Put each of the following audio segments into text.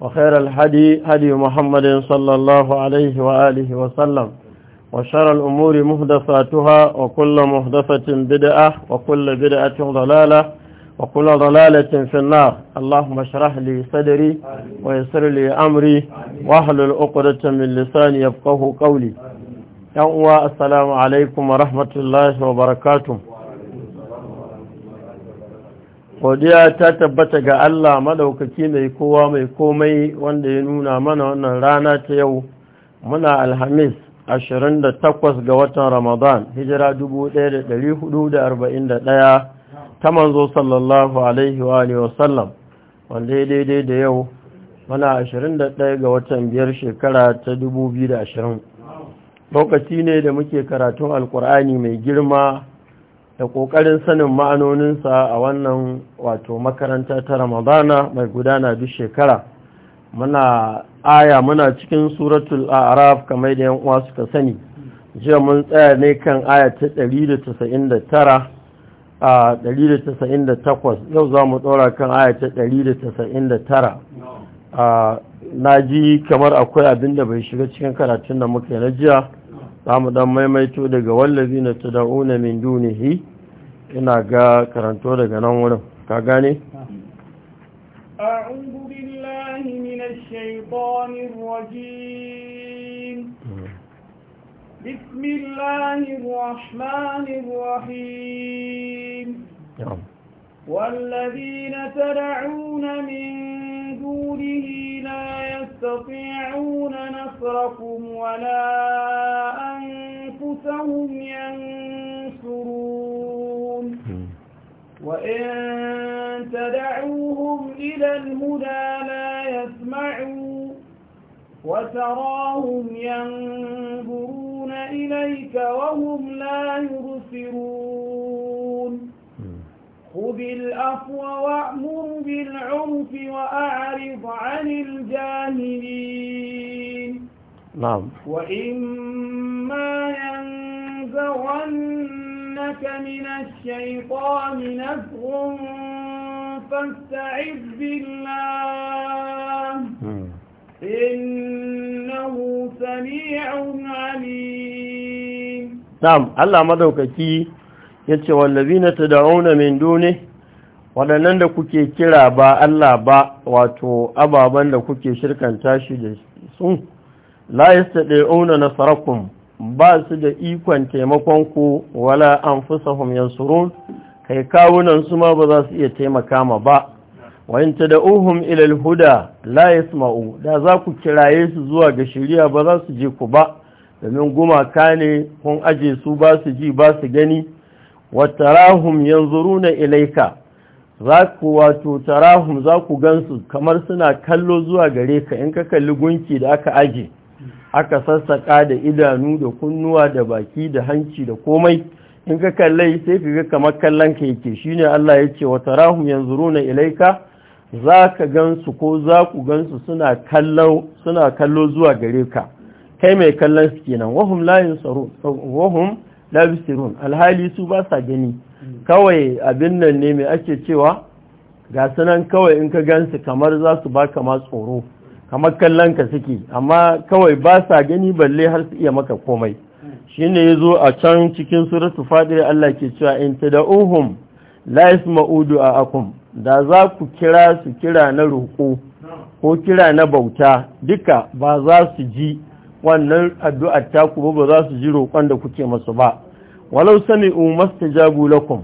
وخير الهدي هدي محمد صلى الله عليه وآله وسلم وشر الأمور مهدفاتها وكل مهدفة بدعة وكل بدعة ضلالة وكل ضلالة في النار اللهم اشرح لي صدري ويسر لي أمري واحلل عقدة من لساني يفقه قولي يوم السلام عليكم ورحمة الله وبركاته godiya ta tabbata ga Allah madaukaki mai kowa mai komai wanda ya nuna mana wannan rana ta yau muna alhamis 28 ga watan ramadan hijira 1441 ta manzo sallallahu alaihi wa alihi wasallam wanda ya daidai da yau muna 21 ga watan biyar shekara ta 2020 lokaci ne da muke karatun alkur'ani mai girma da ƙoƙarin sanin ma'anoninsa a wannan wato makaranta ta ramadana mai gudana duk shekara muna aya muna cikin suratul araf kamar da uwa suka sani jiya mun tsaya ne kan aya ta 198 yau za mu ɗora kan aya ta 199 na ji kamar akwai abin da bai shiga cikin karatun da muka yi na jiya za mu dan maimaito daga wallazi na tada'una min dunihi ina ga karanto daga nan wurin ka gane? بسم الله الرحمن الرحيم yeah. والذين تدعون من دونه لا يستطيعون نصركم ولا أنفسهم ينصرون وإن تدعوهم إلى الهدى لا يسمعوا وتراهم ينظرون إليك وهم لا يبصرون خذ الأفو وأمر بالعرف وأعرض عن الجاهلين نعم وإما ينزغنك من الشيطان نزغ فاستعذ بالله م. إنه سميع عليم نعم الله مدوككي ya ce wallabi na ta da'una min dune waɗannan da kuke kira ba Allah ba wato ababen da kuke shirkanta shi da su la na sarakun ba su da ikon taimakon ku wala anfusahum surun kai kawunan su ma ba za su iya taimaka ma ba wa da tad'uhum ilal huda la yasma'u da za ku kiraye su zuwa ga shari'a ba za su je ku ba domin gumaka ne kun aje su ba su ji ba su gani watarahum yanzuruna ilaika za ku wato tarahum za ku gansu kamar suna kallo zuwa gare ka in ka kalli gunki da aka aje aka sassaka da idanu da kunnuwa da baki da hanci da komai in ka kallai sai ka kamar kallon ka yake shine Allah ya ce watarahum yanzuruna ilaika za ka gansu ko za ku gansu suna kallo suna kallo zuwa gare ka kai mai kallon su kenan wahum la yansarun wahum la alhali su ba sa gani kawai abin nan ne mai ake cewa ga sunan kawai in ka gansu kamar za su baka ma tsoro kamar kallon ka suke amma kawai ba sa gani balle har su iya maka komai shine zo a can cikin suratu fadir Allah ke cewa in ta tad'uhum ma'udu a akum da za ku kira su kira na roƙo ko kira na bauta duka ba za su ji wannan addu'ar taku ba ba za su ji roƙon da kuke masu ba walau umar ta jagu lakum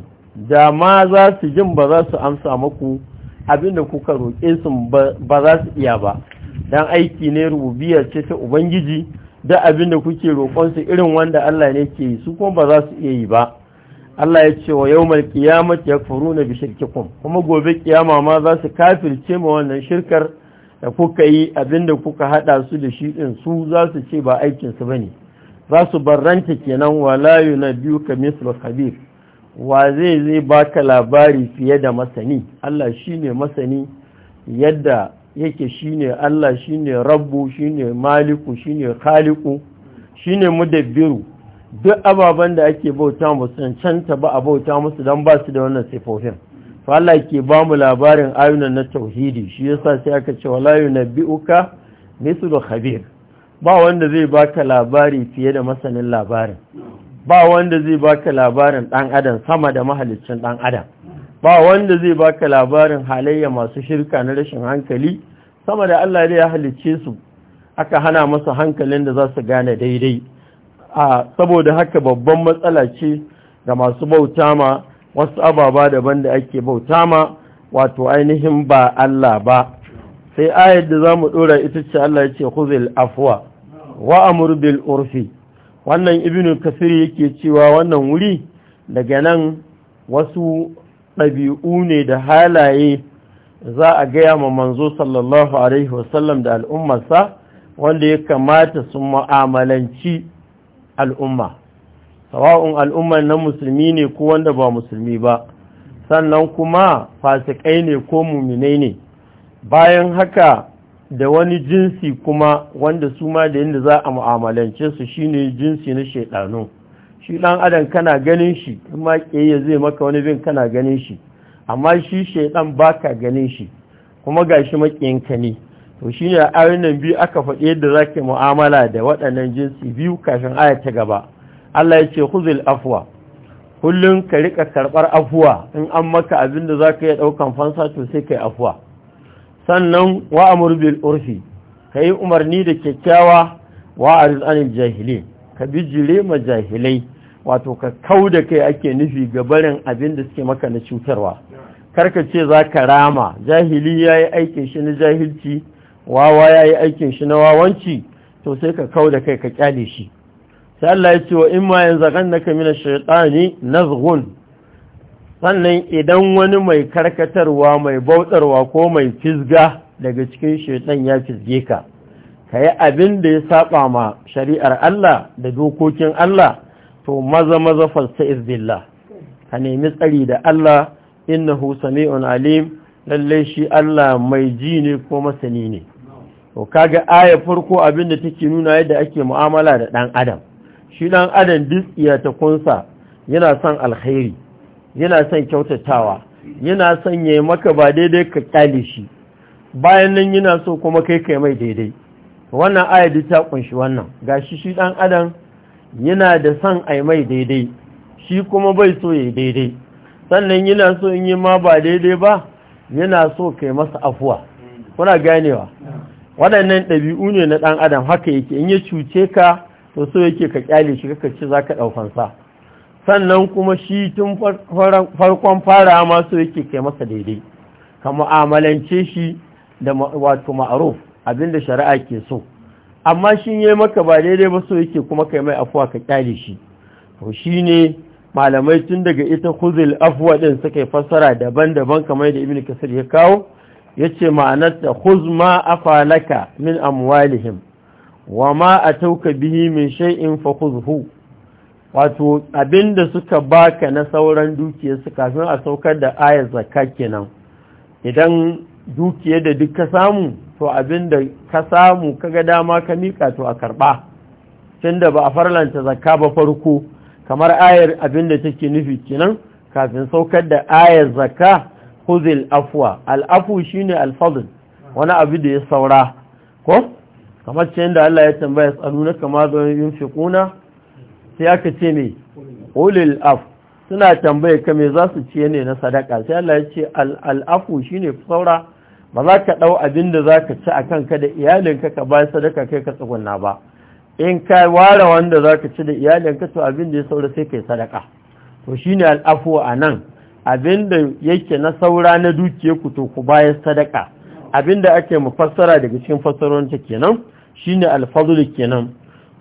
da ma za su jin ba za su amsa maku abinda kuka roƙe su ba za su iya ba don aiki ne rububiyar ce ta ubangiji da abinda kuke roƙonsu irin wanda Allah ne ke yi su kuma ba za su iya yi ba Allah ya ce wa kiyamat ya yakfuruna na bishirkikun kuma gobe kiyama ma za su kafirce ma wannan shirkar da kuka yi abinda kuka hada su da shi din su za su ce ba aikinsu ba ne. za su barranta kenan walayu na biyu ka mislu khabir wa zai zai baka labari fiye da masani Allah shine masani yadda yake shine Allah shine rabbu shine maliku shine khaliku shine mudabbiru duk ababen da ake bauta musu cancanta ba a bauta musu don ba su da wannan sifofin fa Allah ke ba mu labarin ayunan na tauhidi shi yasa sai aka ce walayu na bi'uka mislu khabir ba wanda zai baka labari fiye da masanin labarin ba wanda zai baka labarin ɗan adam sama da mahalicin ɗan adam ba wanda zai baka labarin halayya masu shirka na rashin hankali sama da Allah da ya halicce su aka hana masa hankalin da za su gane daidai a saboda haka babban matsala ce ga masu bauta ma wasu ababa daban da ake bauta ma wato ainihin ba Allah ba sai ayar da za mu ɗora ita ce Allah ya ce huzil afuwa wa amur bil urfi wannan ibnu kasir yake cewa wannan wuri daga nan wasu ɗabi'u ne da halaye za a gaya ma manzo sallallahu alaihi wasallam da al'ummarsa wanda ya kamata su mu'amalanci al'umma sawa'un al'ummar na musulmi ne ko wanda ba musulmi ba sannan kuma fasikai ne ko muminai ne bayan haka da wani jinsi kuma wanda su ma da yadda za a mu'amalance su shine jinsi na shaidanu shi ɗan adam kana ganin shi kuma ya zai maka wani bin kana ganin shi amma shi shaidan baka ganin shi kuma gashi makiyinka ne to shine a nan biyu aka faɗi yadda zake mu'amala da waɗannan jinsi biyu kafin aya ta gaba Allah ya ce afuwa, afwa kullun ka rika karɓar afuwa in an maka abin da zaka iya ɗaukan fansa to sai kai afwa sannan wa amur bil urfi yi umarni da kyakkyawa wa a rizanin jahili ka bijire ma jahilai wato ka kau da kai ake nufi ga barin abin da suke maka na cutarwa karka ce za ka rama jahili yi aikin shi na jahilci wawa ya yi aikin shi na wawanci to sai ka kau da kai ka kyale shi sai Allah ya ce wa in ma yanzu yanzaganaka minash shaytani nazghun sannan idan wani mai karkatarwa mai bautarwa ko mai fizga daga cikin shaitan ya fizge ka ka yi abin da ya saba ma shari'ar Allah da dokokin Allah to maza maza falsa billah ka nemi tsari da Allah innahu sami'un alim lallai shi Allah mai ji ne ko masani ne to kaga aya farko abin da take nuna yadda ake mu'amala da ɗan adam shi ɗan adam duk ta kunsa yana son alkhairi yana son kyautatawa yana son ya maka ba daidai ka kyale shi bayan nan yana so kuma kai kai mai daidai wannan ayadi ta kunshi wannan ga shi shi dan adam yana da son ai mai daidai shi kuma bai so ya yi daidai sannan yana so in yi ma ba daidai ba yana so kai masa afuwa kuna ganewa waɗannan ɗabi'u ne na ɗan adam haka yake in ya cuce ka to so yake ka kyale shi kaka ce za ka ɗaukansa sannan kuma shi tun farkon fara masu yake kai masa daidai ka mu'amalance shi da wato ma'aruf abinda shari'a ke so amma shi ne maka ba daidai ba so yake kuma kai mai afuwa ka kyale shi to shi ne malamai tun daga ita kuzil afuwa din suka fassara daban-daban kamar da ibn kasir ya kawo ya ce ta khuz ma afalaka min amwalihim wa ma tauka bihi min shay'in fa khuzhu wato abinda suka baka na sauran dukiyarsu kafin a saukar da ayar zaka kenan idan dukiya da duk ka samu to abinda ka samu kaga dama ka mika to a karba tunda ba a farlanta zakka ba farko kamar ayar abinda take nufi kenan kafin saukar da ayar zakka khuzil afwa afu shine al-fadl wani abu da ya saura ko kamar cewa Allah ya tambaya tsanuna kama zo yin sai aka ce mai ulil af suna tambaye ka mai za su ce ne na sadaka sai Allah ya ce al'afu shine saura ba za ka ɗau abin da za ka ci a kan ka da iyalinka ka bayan sadaka kai ka tsugunna ba in ka ware wanda za ka ci da iyalinka to abin da ya saura sai kai sadaka to shine al'afu a nan abin da yake na saura na dukiya ku to ku bayan sadaka abin da ake mu daga cikin fassarorin ta kenan shine alfadul kenan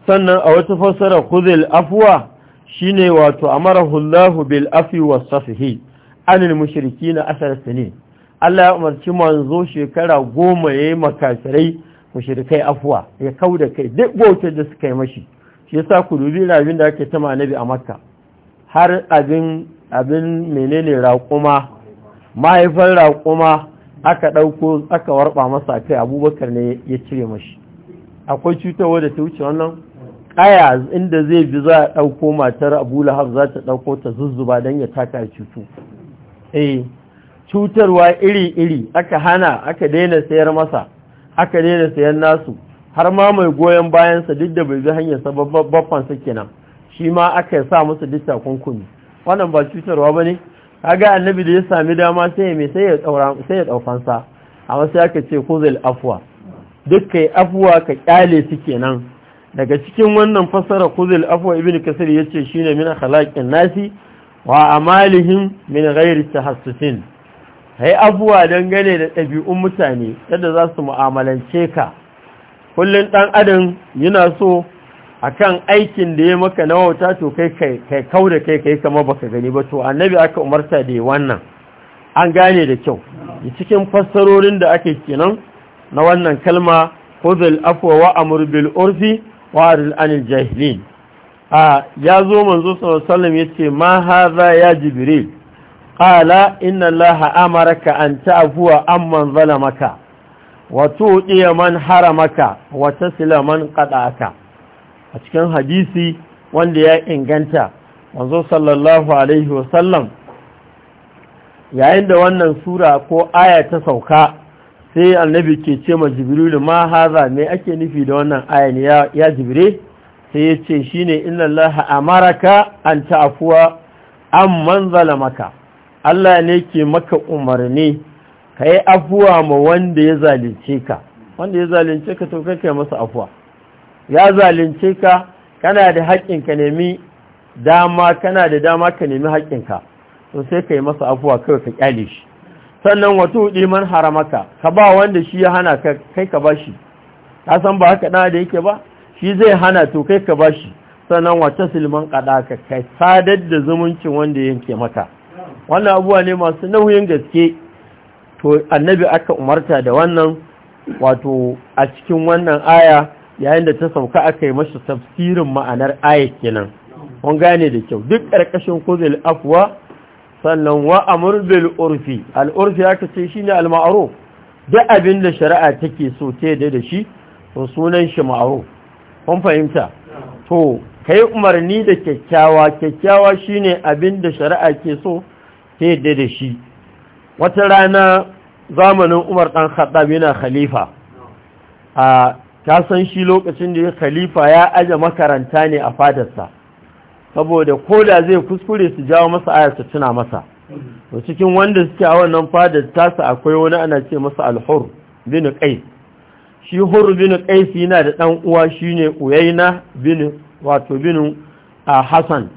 sannan a wata fassara khudhil afuwa shine wato amarahu Hullahu bil afi wasafhi anil mushrikina asar sanin Allah ya umarci manzo shekara goma ya yi makasirai mushirikai afuwa ya kauda kai duk bautar da suka yi mashi shi yasa ku dubi rabin da ake tama nabi a makka har abin abin menene raƙuma mahaifar raƙuma aka ɗauko aka warba masa kai abubakar ne ya cire mashi akwai cutarwa da ta wuce wannan aya inda zai bi za a ɗauko matar abu lahab za ta ɗauko ta zuzzuba don ya taka cutu eh cutarwa iri-iri aka hana aka daina sayar masa aka daina sayar nasu har ma mai goyon bayansa duk da bai bi hanyar sababbafan sa kenan shi ma aka sa musu duk kunkumi wannan ba cutarwa ba bane kaga annabi da ya sami dama sai mai sai ya daura ya amma sai aka ce kuzul afwa duk kai afuwa ka kyale su kenan daga cikin wannan fassara kuzil afwa ibn kasir yace shine min khalaqin nasi wa amalihim min ghairi tahassusin hai abuwa dangane da ɗabi'un mutane yadda za su mu'amalance ka Kullum ɗan adam yana so akan aikin da ya maka na wauta to kai kai kauda kai kai kama baka gani ba to annabi aka umarta da wannan an gane da kyau cikin fassarorin da ake kenan na wannan kalma khudh afuwa afwa wa amr bil urfi wa'aril anil jahilin a ya zo manzo sallam ya ce ma haza ya jibril ƙala inna laha amaraka an ta'afuwa an man zalamaka wa ɗiya man haramaka wata man ƙaɗa'aka a cikin hadisi wanda ya inganta manzo sallallahu alaihi wasallam yayin da wannan sura ko aya ta sauka sai annabi ke ce ma jibrilu ma haza me ake nufi da wannan ayan ya jibire sai ya ce shine inna allaha amaraka an ta'fuwa an man zalamaka Allah ne ke maka umarni ka afuwa ma wanda ya zalince ka wanda ya zalunce ka to kai masa afuwa ya zalince ka kana da haƙƙin ka nemi dama kana da dama ka nemi haƙƙinka to sai ka masa afuwa kawai ka kyale shi sannan wato man haramaka ka ba wanda shi ya hana kai ka bashi ka san ba haka ɗana da yake ba shi zai hana to kai ka bashi sannan wata silman ƙada ka kai sadar da zumuncin wanda yanke maka wannan abuwa ne masu nauyin gaske to annabi aka umarta da wannan wato a cikin wannan aya yayin da ta sauka aka yi mashi tafsirin ma'anar aya kenan kun gane da kyau duk ƙarƙashin kuzil afwa sannan wa amur bil urfi al urfi aka ce shine al ma'ruf Da abin da shari'a take so ta yadda da shi to sunan shi ma'ruf kun fahimta to kai umarni da kyakkyawa kyakkyawa shine abin da shari'a ke so ta yadda da shi wata rana zamanin Umar dan Khattab yana khalifa a ta san shi lokacin da ya khalifa ya aje makaranta ne a fadarsa saboda ko da zai kuskure su jawo masa aya su tuna masa to cikin wanda suke a wannan fadar tasa akwai wani ana ce masa alhur bin qais shi hur bin qais yana da dan uwa shine uyaina bin wato bin hasan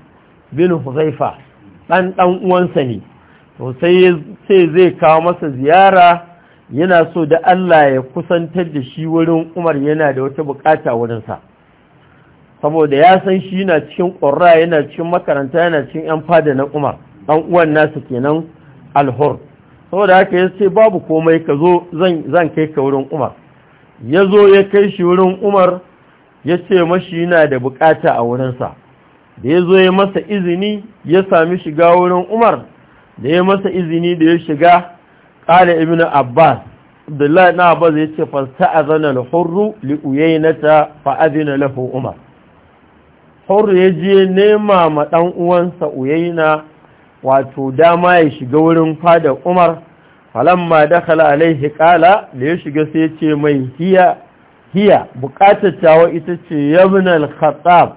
bin huzaifa dan dan uwansa ne to sai sai zai kawo masa ziyara yana so da Allah ya kusantar da shi wurin Umar yana da wata bukata wurinsa saboda ya san shi na cikin ƙorra yana cikin makaranta yana cikin 'yan fada na umar ɗan uwan nasa kenan alhur saboda haka ya ce babu komai ka zo zan kai ka wurin umar ya zo ya kai shi wurin umar ya ce mashi yana da bukata a wurinsa da ya zo ya masa izini ya sami shiga wurin umar da ya masa izini da ya shiga ƙara ibn abbas abdullahi na abbas ya ce fasta a zanen hurru na ta fa'adina lahu umar hur ya je nema ma ɗan uwansa uyaina wato dama ya shiga wurin fadar umar falamma da alaihi kala da ya shiga sai ce mai hiya hiya bukatar tawa ita ce yabinal khattab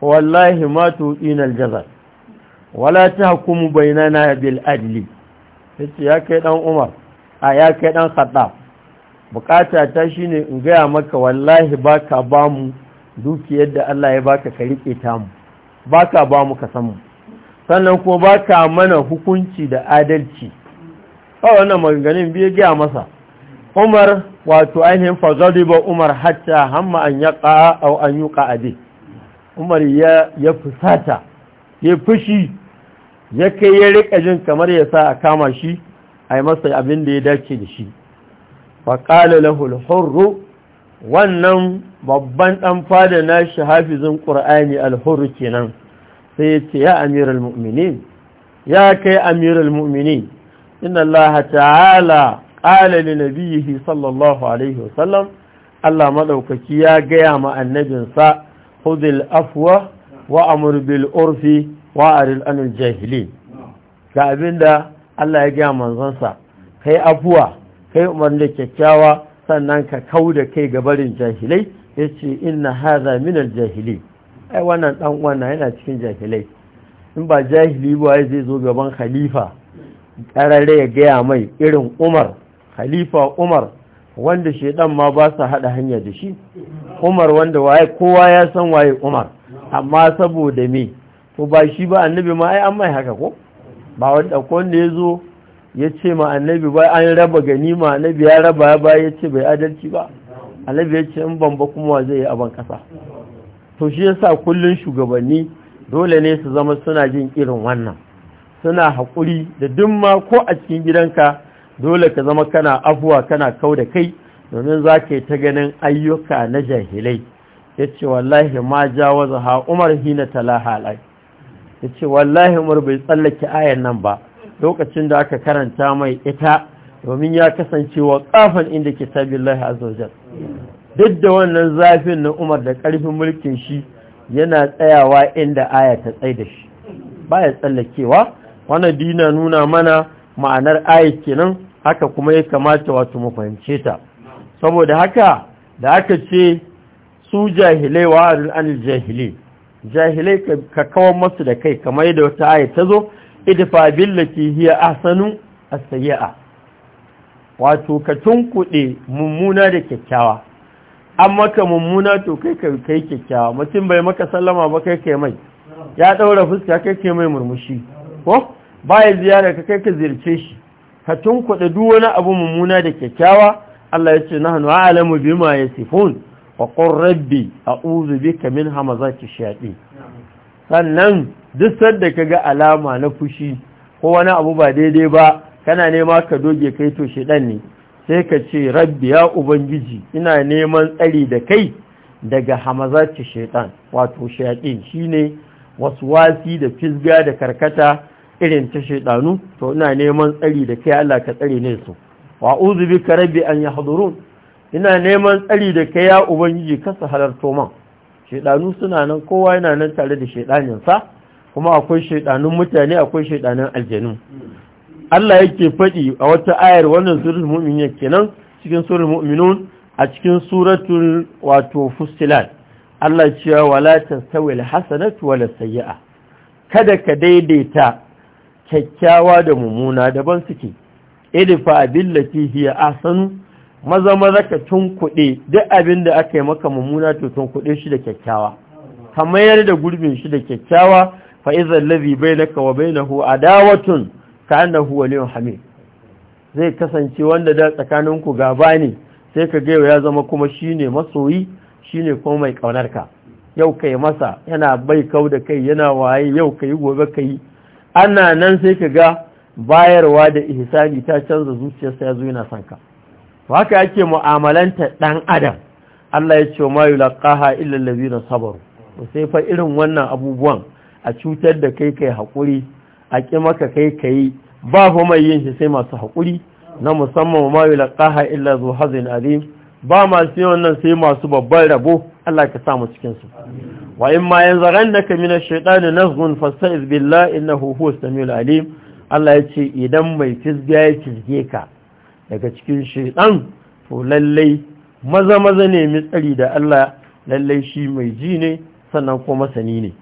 wallahi ma tu'ina aljazal wala ta na bainana bil adli ce ya kai ɗan umar a ya kai ɗan khattab bukata ta ne in gaya maka wallahi baka bamu dukiyar da Allah ya baka ka rike ta mu baka ba mu ka mu. sannan kuma baka mana hukunci da adalci ba wannan maganganun biye gaya masa Umar wato ainihin ba Umar hatta hamma an yaqa aw an yuqa abi Umar ya ya fusata ya fushi ya kai ya rika jin kamar ya sa a kama shi a yi masa abin da ya dace da shi faƙala lahul wannan babban ɗan fada na shi hafizin ƙur'ani alhuru kenan sai ya ya amiral mu'minin ya kai amiral mu'minin inna allaha ta'ala ƙala li nabiyihi sallallahu alaihi wasallam Allah maɗaukaki ya gaya ma annabinsa afuwa afwa wa amur bil urfi wa aril anil jahili ga abinda Allah ya gaya manzansa kai afuwa kai umarni kyakkyawa sannan ka kau da kai gabarin jahilai ya ce inna haza minar jahili ai wannan dan wannan yana cikin jahilai in ba jahili ba zai zo gaban khalifa ƙararre ya gaya mai irin umar khalifa umar wanda shaidan ma ba su haɗa hanya da shi umar wanda waye kowa ya san waye umar amma saboda me to ba shi ba annabi ma ai an mai haka ko ba wanda ko ne ya zo ya ce ma annabi bai an raba ma annabi ya raba ba ya ce bai adalci ba annabi ya ce in bamba kuma zai yi aban kasa to shi yasa kullun shugabanni dole ne su zama suna jin irin wannan suna haƙuri da duk ko a cikin gidanka dole ka zama kana afuwa kana kau da kai domin za ka yi ta ganin ayyuka na jahilai ya ce wallahi ma jawaza ha umar hina talaha alai ya ce wallahi umar bai tsallake ayan nan ba lokacin da aka karanta mai ita domin ya kasance wa kafan inda kitabillahi azza duk da wannan zafin na Umar da karfin mulkin shi yana tsayawa inda aya ta tsaye da shi baya tsallakewa wannan dina nuna mana ma'anar aya kenan haka kuma ya kamata wato mu fahimce ta saboda haka da aka ce su jahilai wa anil jahili jahilai ka kawo masu da kai kamar yadda wata aya ta zo idfa billati hiya ahsanu as-sayyi'a wato ka tunkuɗe mummuna da kyakkyawa an maka mummuna to kai kai kyakkyawa mutum bai maka sallama ba kai kai mai ya ɗaura fuska kai kai mai murmushi ko baya ziyara ka kai ka ziyarce shi ka tunkuɗe duk wani abu mummuna da kyakkyawa Allah ya ce nahnu a'lamu bima yasifun wa qur rabbi a'udhu bika min hamazati shayatin sannan duk sadda ka ga alama na fushi ko wani abu ba daidai ba kana nema ka doge kai to shedan ne sai ka ce rabbi ya ubangiji ina neman tsari da kai daga hamazaci shedan wato shayatin shine wasi da fisga da karkata irin ta shedanu to ina neman tsari da kai Allah ka tsare ne su wa uzu bika rabbi an yahdurun ina neman tsari da kai ya ubangiji ka su halarto man shedanu suna nan kowa yana nan tare da shedanin sa kuma akwai shaidanun mutane akwai shaidanun aljanu Allah yake faɗi a wata ayar wannan suratul mu'minin kenan cikin suratul mu'minun a cikin suratul wato fustilat Allah cewa wala tastawi alhasanatu wala sayyi'a kada ka daidaita kyakkyawa da mumuna daban suke idfa billati hiya ahsanu maza maza ka tunkuɗe duk abin da aka yi maka mumuna, to tunkuɗe shi da kyakkyawa kamar da gurbin shi da kyakkyawa fa idza allazi bainaka wa bainahu adawatun ka annahu waliyyun hamid zai kasance wanda da tsakaninku gaba ne sai ka gaiwa ya zama kuma shine masoyi shine kuma mai ƙaunarka. yau kai masa yana bai kau da kai yana waye yau kai gobe kai ana nan sai ka ga bayarwa da ihsani ta canza zuciyarsa ya zo yana son ka haka yake mu'amalanta dan adam Allah ya ce ma yulqaha illa na sabaru sai fa irin wannan abubuwan a cutar da kai kai haƙuri a ƙi maka kai kai ba fa mai yin shi sai masu haƙuri na musamman ma yi laƙaha illa zuwa hazin azim ba masu yi wannan sai masu babban rabo Allah ka samu cikinsu wa in ma yanzu ran da ka mina shaiɗani zun fasta'iz billah huhu huwa samiul alim Allah ya ce idan mai fisga ya fisge ka daga cikin shaiɗan to lallai maza maza ne mitsari da Allah lallai shi mai ji ne sannan kuma masani ne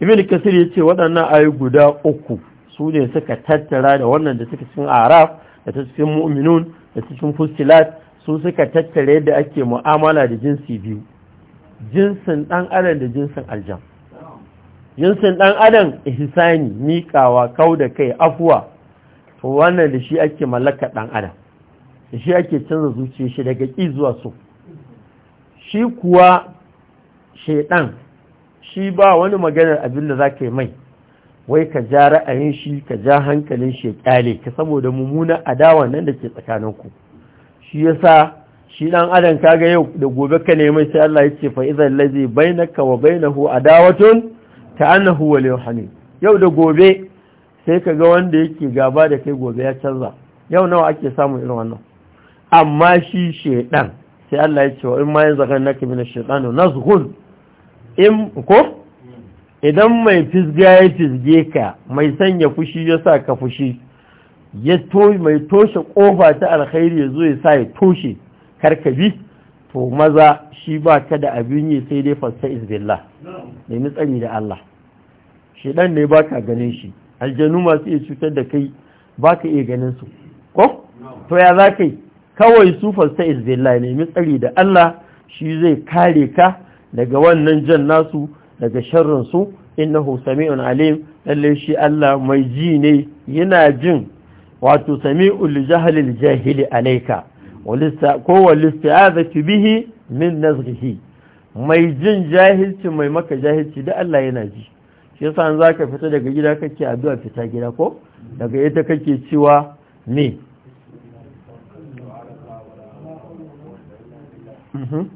ibn kasir ya ce waɗannan ayi guda uku su ne suka tattara da wannan da suka cikin araf da ta cikin mu'minun da cikin fusilat su suka tattara yadda ake mu'amala da jinsi biyu jinsin ɗan adam da jinsin aljam jinsin ɗan adam ihsani miƙawa kau da kai afuwa to wannan da shi ake mallaka ɗan adam da shi ake canza zuciya shi daga ƙi zuwa so shi kuwa shaiɗan shi ba wani maganar abin da za ka yi mai wai ka ja ra'ayin shi ka ja hankalin shi ya kyale ka saboda mummunan adawa nan da ke tsakaninku shi yasa shi dan adam kaga yau da gobe ka nemi sai Allah ya ce fa idzal ladzi bainaka wa bainahu adawatun ta annahu waliyyun hamim yau da gobe sai ka ga wanda yake gaba da kai gobe ya canza yau nawa ake samun irin wannan amma shi shedan sai Allah ya ce wa in ma yanzaga naka min ash-shaytanu nazghun in ko idan mai fisga ya fisge ka mai sanya fushi ya sa ka fushi ya mai toshe kofa ta alkhairi ya zo ya sa ya toshe karkabi to maza shi ba ka da abin yi sai dai fasta izbillah nemi tsari da Allah shi dan ne ba ka ganin shi aljanu masu iya cutar da kai ba ka iya ganin su ko to ya za kai kawai su fasta izbillah nemi tsari da Allah shi zai kare ka daga wannan jan nasu daga sharrin su innahu sami'un alim lalle shi Allah mai ji ne yana jin wato sami'ul li jahlil jahili alayka walista ko walisti'azati bihi min nazghihi mai jin jahilci mai maka jahilci da Allah yana ji shi yasa an zaka fita daga gida kake addu'a fita gida ko daga ita kake cewa me mhm.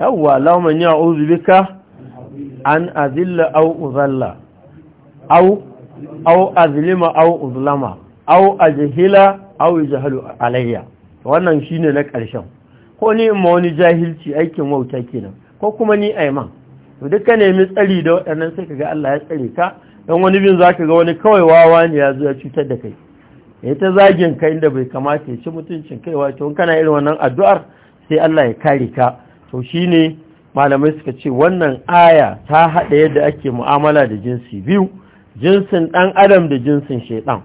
yawwa Allahumma a a'udhu an azilla au uzalla au aw azlima aw uzlama aw ajhila au yajhalu alayya wannan shine na ƙarshen ko ni ma wani jahilci aikin wauta kenan ko kuma ni aiman to duka nemi tsari da waɗannan sai ga Allah ya tsare ka Don wani bin zaka ga wani kawai wawa ne ya zo ya cutar da kai ya ta zagin ka inda bai kamata ya ci mutuncin kaiwa to kana irin wannan addu'ar sai Allah ya kare ka to shi ne malamai suka ce wannan aya ta haɗa yadda ake mu'amala da jinsi biyu jinsin ɗan adam da jinsin shaiɗan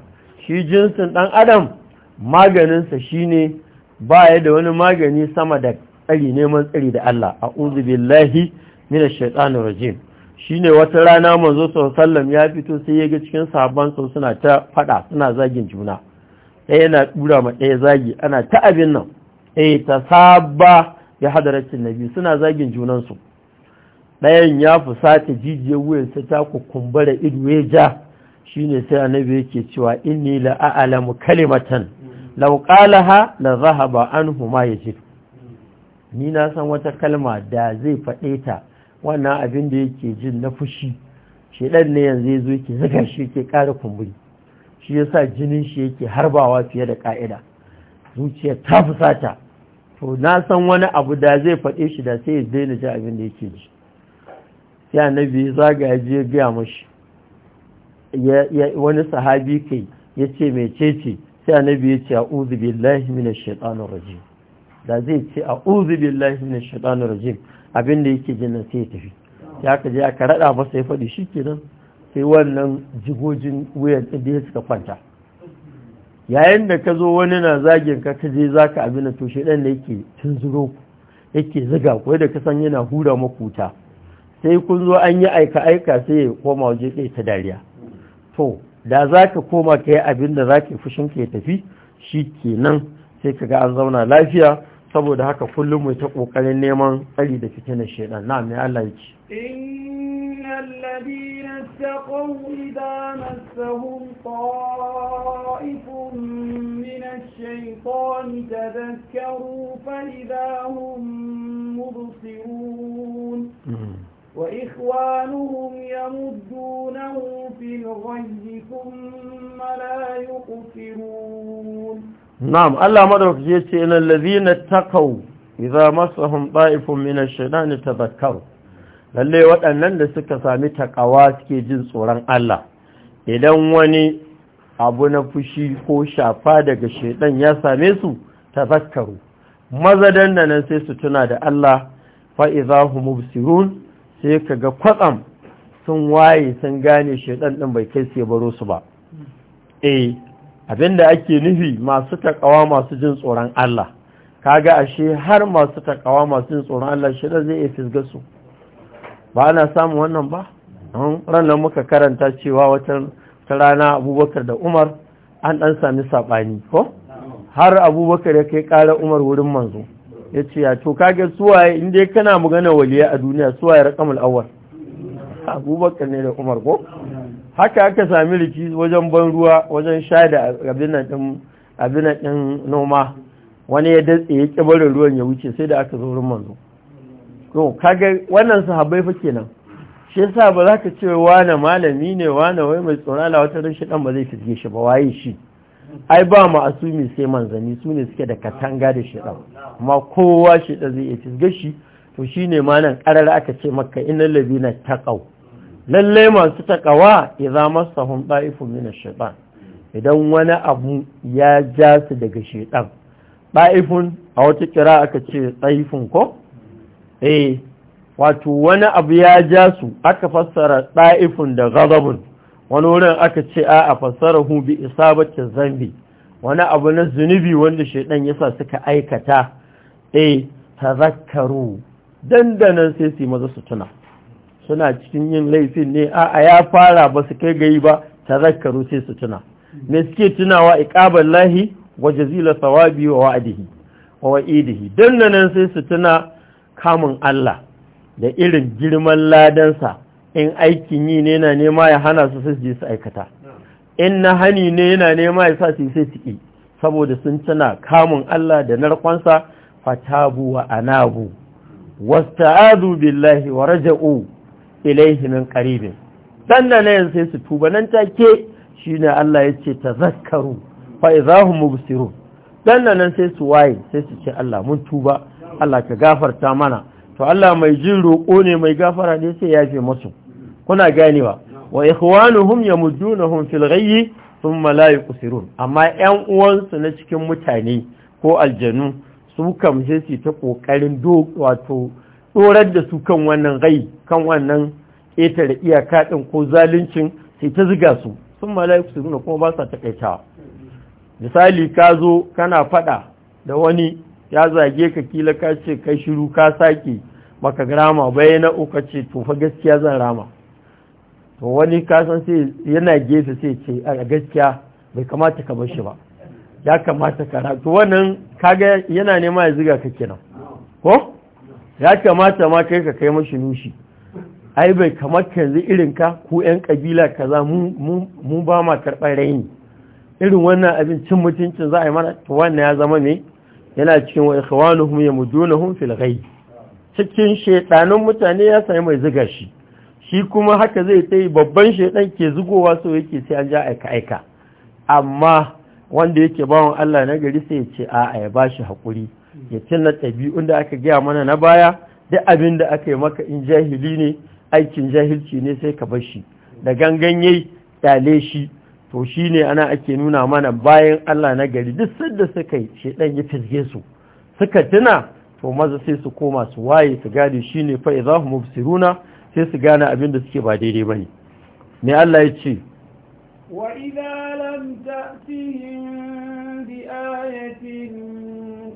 shi jinsin ɗan adam maganinsa shi ne. ba ya da wani magani sama da tsari neman tsari da Allah a uzubillahi mina shaiɗanin rajim shi ne wata rana manzo sallam ya fito sai ya ga cikin sabon sau suna ta faɗa suna zagin juna ɗaya na ɗura ma ɗaya zagi ana ta abin nan eh ta saba ya hadaratin nabi suna zagin junansu ɗayan ya fusata jijiyar wuyarsa ta kukumbura ido ya ja shi ne sai annabi yake cewa inni la'alamu kalimatan lauƙalaha la ba an huma ya ce. ni na san wata kalma da zai faɗe ta wannan abin da yake jin na fushi shi ɗan ne yanzu ya zo yake zaga shi yake ƙara kumburi shi ya sa jinin shi yake harbawa fiye da ƙa'ida zuciya ta fusata to na san wani abu da zai faɗe shi da sai zai na ji abin da yake ji na annabi zagaya ji ya biya mashi wani sahabi kai ya ce mai cece sai biyu ya ce a uzu billahi minash shaitanir rajim da zai ce a uzu billahi minash shaitanir rajim abin da yake jin sai ya tafi ya ka je aka raɗa masa ya faɗi shi nan, sai wannan jigojin wuyan da suka kwanta yayin da ka zo wani na zagin ka ka je za ka abin to ɗan da yake zuro yake ziga ko da ka san yana hura makuta sai kun zo an yi aika aika sai ya koma waje ɗaya ta dariya to da za ka koma ka yi abin da za ka fushin ka ya tafi shi kenan sai ka ga an zauna lafiya saboda haka kullum mai ta kokarin neman tsari da fitina shaidan na mai Allah ya ce اتقوا إذا مسهم طائف من الشيطان تذكروا فإذا هم مبصرون وإخوانهم يمدونه في الغي ثم لا يقصرون نعم الله مدرك يتي إن الذين اتقوا إذا مسهم طائف من الشيطان تذكروا lalle waɗannan da suka sami takawa suke jin tsoron Allah idan wani abu na fushi ko shafa daga shaidan ya same su tazakkaru mazadan da nan sai su tuna da Allah fa'iza sirun sai ka ga kwatsam sun waye sun gane shaidan ɗin bai kai sai baro su ba eh abinda ake nufi masu takawa masu jin tsoron Allah kaga ashe har masu takawa masu jin tsoron Allah shaidan zai iya fisga su ba ana samun wannan ba ranar muka karanta cewa wata rana abubakar da umar an ɗan sami saɓani ko har abubakar ya kai kara umar wurin manzo ya ce ya to kage suwaye inda kana magana waliya a duniya suwaye rakamul awwal abubakar ne da umar ko haka aka sami riki wajen ban ruwa wajen sha da abinan ɗin noma wani ya datse ya ƙi barin ruwan ya wuce sai da aka zo wurin manzo to kage wannan sahabbai fa kenan shi yasa ba za ka ce wani malami ne wani wai mai tsoron Allah wata rashi dan ba zai fitge shi ba waye shi ai ba mu asumi sai manzani su ne suke da katanga da shi dan amma kowa shi da zai yi shi to shine ma nan karar aka ce maka innal ladina taqaw lalle masu taqawa idza masahum da'ifu min ash-shaytan idan wani abu ya ja daga shaytan da'ifun a wata kira aka ce da'ifun ko eh wato wani abu ya ja su aka fassara ɗa'ifin da gazabun wani wurin aka ce a a fassara hu bi isabatin zambi wani abu na zunubi wanda shaidan yasa suka aikata eh tazakkaru dandanan sai su maza su tuna suna cikin yin laifin ne a a ya fara ba su kai gayi ba tazakkaru sai su tuna me suke tunawa iqaballahi wa jazila thawabi wa wa'idihi wa wa'idihi dandanan sai su tuna kamun Allah da irin girman ladansa in aikin yi ne yana nema ya hana su su je su aikata in na hani ne yana nema ya sa su sai su saboda sun tana kamun Allah da narkonsa fatabu wa anabu wasta'adu billahi wa raja'u ilaihi min qaribin dan nan ne sai su tuba nan take shine Allah ya ce tazakkaru fa idahum mubsirun dan nan sai su waye sai su ce Allah mun tuba Allah ka gafarta mana to Allah mai jin roƙo ne mai gafara ne sai ya fi musu kuna ganewa wa ikhwanuhum yamuddunahum fil ghayyi thumma la yuqsirun amma ƴan uwansu na cikin mutane ko aljanu su kam sai su ta kokarin do wato tsorar da su kan wannan gai kan wannan ƙetare iyaka ɗin ko zaluncin sai ta ziga su sun mala'iku su kuma ba sa takaitawa misali ka zo kana faɗa da wani ya zage ka kila ka ce kai shiru ka sake baka rama bai na uka ce to fa gaskiya zan rama to wani kasan sai yana gefe sai ce a gaskiya bai kamata ka bar shi ba ya kamata ka rama to wannan kaga yana nema ya ziga ka kenan ko ya kamata ma kai ka kai mashi nushi ai bai kamata yanzu irin ka ku yan kabila kaza mu mu ba ma karɓar raini irin wannan abincin mutuncin za a yi mana to wannan ya zama ne yana cikin wa ikhwanuhum yamudunuhum fil ghayb cikin shedanin mutane ya sai mai zuga shi shi kuma haka zai tai babban shedan ke zugowa so yake sai an ja aika aika amma wanda yake bawon Allah na gari sai ya ce a ya bashi hakuri ya tinna ɗabi'un da aka gaya mana na baya duk abin da aka yi maka in jahili ne aikin jahilci ne sai ka bar shi da gangan yayi dale shi to shi ne ana ake nuna mana bayan Allah na gari duk sadda suka yi shedan ya fizge su suka tuna to maza sai su koma su waye su gane shi ne fa idza hum mubsiruna sai su gane abin da suke ba daidai bane me Allah ya ce wa idza lam ta'tihim bi ayatin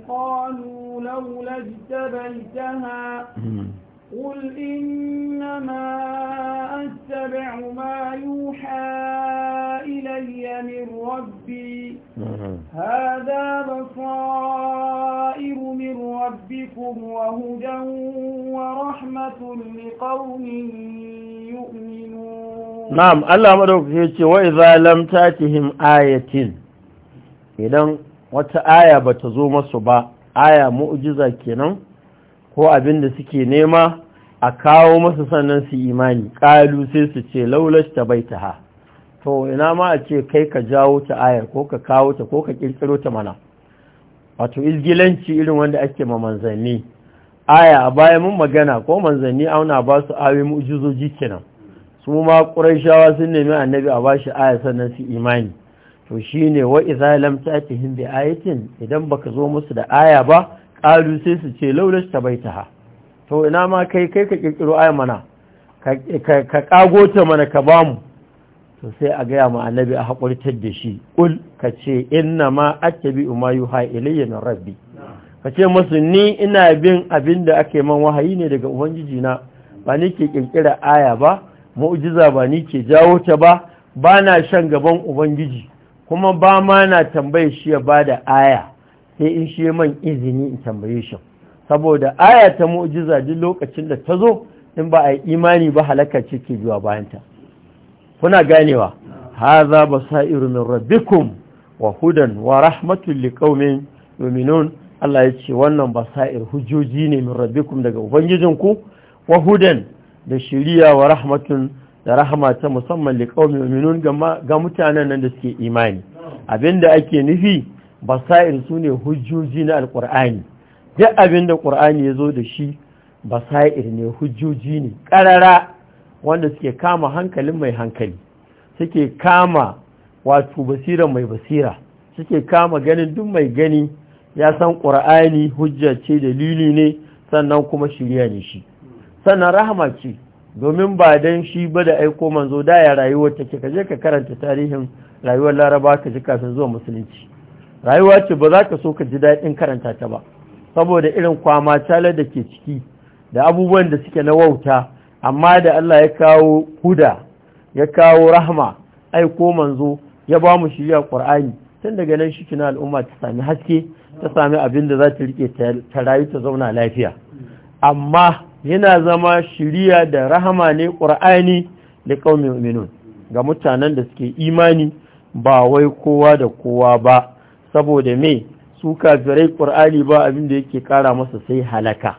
qalu law lajtabaltaha hmm. قل إنما أتبع ما يوحى إلي من ربي هذا بصائر من ربكم وهدى ورحمة لقوم يؤمنون نعم الله مدوك وإذا لم تأتهم آية إذن wata aya ba ta zo masu ba aya mu'jiza kenan ko abin da suke nema a kawo masu sannan su imani ƙalu sai su ce laulash ta bai ta ha to ina ma a ce kai ka jawo ta ayar ko ka kawo ta ko ka ƙirƙiro ta mana wato izgilanci irin wanda ake ma manzanni aya a baya mun magana ko manzanni auna ba su ayoyi mu'jizoji kenan su ma ƙurayshawa sun nemi annabi a ba shi aya sannan su imani to shine wa iza lam ta'tihim bi ayatin idan baka zo musu da aya ba ƙalu sai su ce laulash ta bai ta ha. to ina ma kai kai ka ƙirƙiro aya mana ka ƙago ta mana ka ba mu to sai a gaya ma annabi a haƙurtar da shi ƙul ka ce ina ma attabi ma yuha ilayya na rabbi ka ce masu ni ina bin abin da ake man wahayi ne daga ubangiji na ba ni ke ƙirƙira aya ba mu'jiza ba ni ke jawo ta ba ba na shan gaban ubangiji kuma ba ma na tambayar shi ya ba da aya sai in shi man izini in tambaye shi saboda aya ta mu'jiza duk lokacin da ta zo in ba a yi imani ba halaka ce ke zuwa bayanta kuna ganewa haza basairu min rabbikum wa hudan wa rahmatul liqaumin yu'minun Allah ya ce wannan basair hujjoji ne min rabbikum daga ubangijinku wa hudan da shiriya wa rahmatun da rahama ta musamman liqaumin yu'minun ga mutanen nan da suke imani abinda ake nufi basair su ne hujjoji na alkur'ani duk abin da ƙur'ani ya zo da shi basair ne hujjoji ne karara wanda suke kama hankalin mai hankali suke kama wato basira mai basira suke kama ganin duk mai gani ya san kur'ani hujja ce dalili ne sannan kuma shirya ne shi sannan rahama ce domin ba don shi ba da aiko manzo da ya rayuwar take ka je ka karanta tarihin rayuwar laraba ka ji kafin zuwa musulunci rayuwa ce ba za ka so ka ji daɗin karanta ta ba saboda irin kwama calar da ke ciki da abubuwan da suke na wauta amma da Allah ya kawo huda ya kawo rahma aiko manzo ya ba mu shirya ƙur'ani tun daga nan shi kina al'umma ta sami haske ta sami abin da za ta rike ta rayu ta zauna lafiya amma yana zama shirya da rahama ne ƙur'ani da mu'minun ga mutanen da suke imani ba wai kowa da kowa ba saboda mai su kafirai ƙur'ani ba abin da yake ƙara masa sai halaka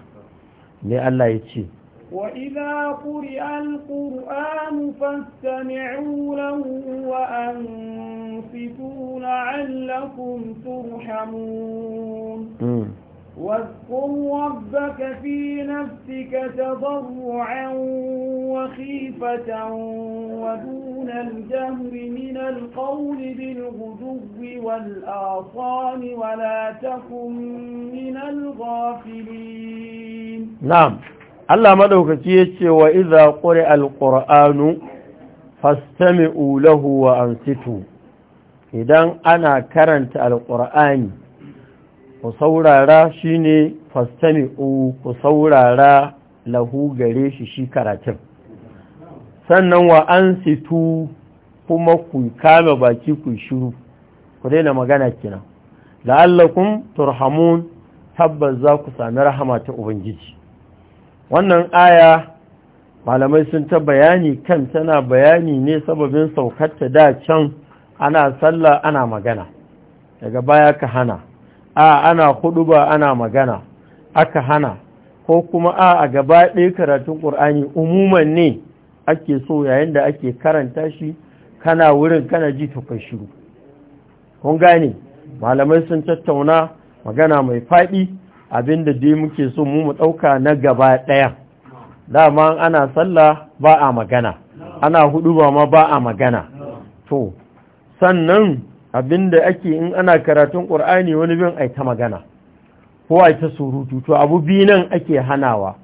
ne Allah ya ce wa'iza kuri al ƙur'anu fasta mi'ulahu wa an fito na'allakun turhamun hmm. واذكر ربك في نفسك تضرعا وخيفة ودون الجهر من القول بالغدو والآصال ولا تكن من الغافلين نعم الله مدوك تيتي وإذا قرأ القرآن فاستمعوا له وأنصتوا إذا أنا كرنت القرآن ku saurara shine fastami ku saurara lahu gare shi shi karatun sannan wa an situ kuma ku kame baki ku shiru ku daina magana kina la'allakun turhamun tabbas za ku sami rahama ta ubangiji wannan aya malamai sun ta bayani kan tana bayani ne sababin saukarta da can ana sallah ana magana daga baya ka hana a ana hudu ba ana magana aka hana ko kuma a a gaba ɗaya karatun ƙur'ani umuman ne ake so yayin da ake karanta shi kana wurin kana ji tukwai shiru kun gane malamai sun tattauna magana mai faɗi abinda dai muke so mu mu ɗauka na gaba ɗaya dama ana sallah ba a magana ana hudu ba ma ba a magana to sannan abinda ake in ana karatun ƙur'ani wani bin ai ta magana ko ai ta surutu to abu biyu nan ake hanawa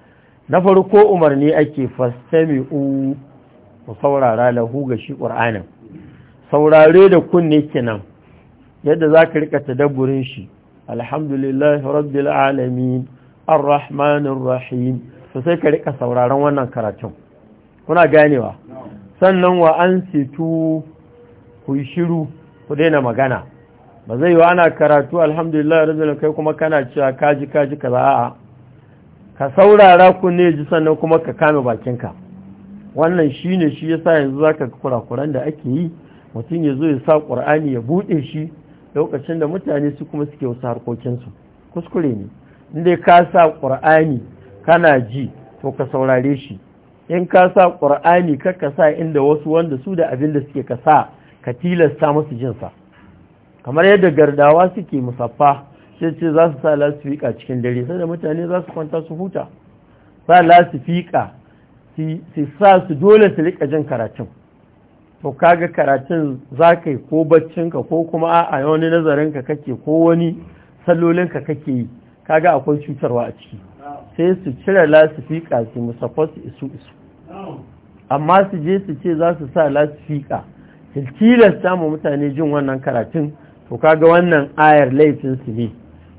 na farko umarni ake fastami'u ku saurara lahu ga shi ƙur'anin saurare da kunne kenan yadda za ka rika daburin shi alhamdulillah rabbil alamin arrahmanir rahim to sai ka rika sauraron wannan karatun kuna ganewa sannan wa an situ ku shiru ku daina magana ba zai yi ana karatu alhamdulillah rabbil kai kuma kana cewa kaji kaji kaza a'a ka saurara ku ne ji sannan kuma ka kame bakinka wannan shine shi yasa yanzu zaka kurakuran da ake yi mutum ya zo ya sa qur'ani ya bude shi lokacin da mutane su kuma suke wasu harkokinsu kuskure ne inda ka sa ƙur'ani kana ji to ka saurare shi in ka sa ƙur'ani ka sa inda wasu wanda su da abin da suke ka sa ka tilasta musu jinsa kamar yadda gardawa suke musaffa sai ce za su sa lasifika cikin dare sai da mutane za su kwanta su huta sa lasifika su sa su dole su rika jin karatun to kaga karatun zakai ka yi ko baccinka ko kuma a wani nazarinka kake ko wani sallolinka kake yi kaga akwai cutarwa a ciki sai su cire lasifika su musaffa su isu isu amma su je su ce za su sa lasifika tilasta mu mutane jin wannan karatun to ga wannan ayar laifin su ne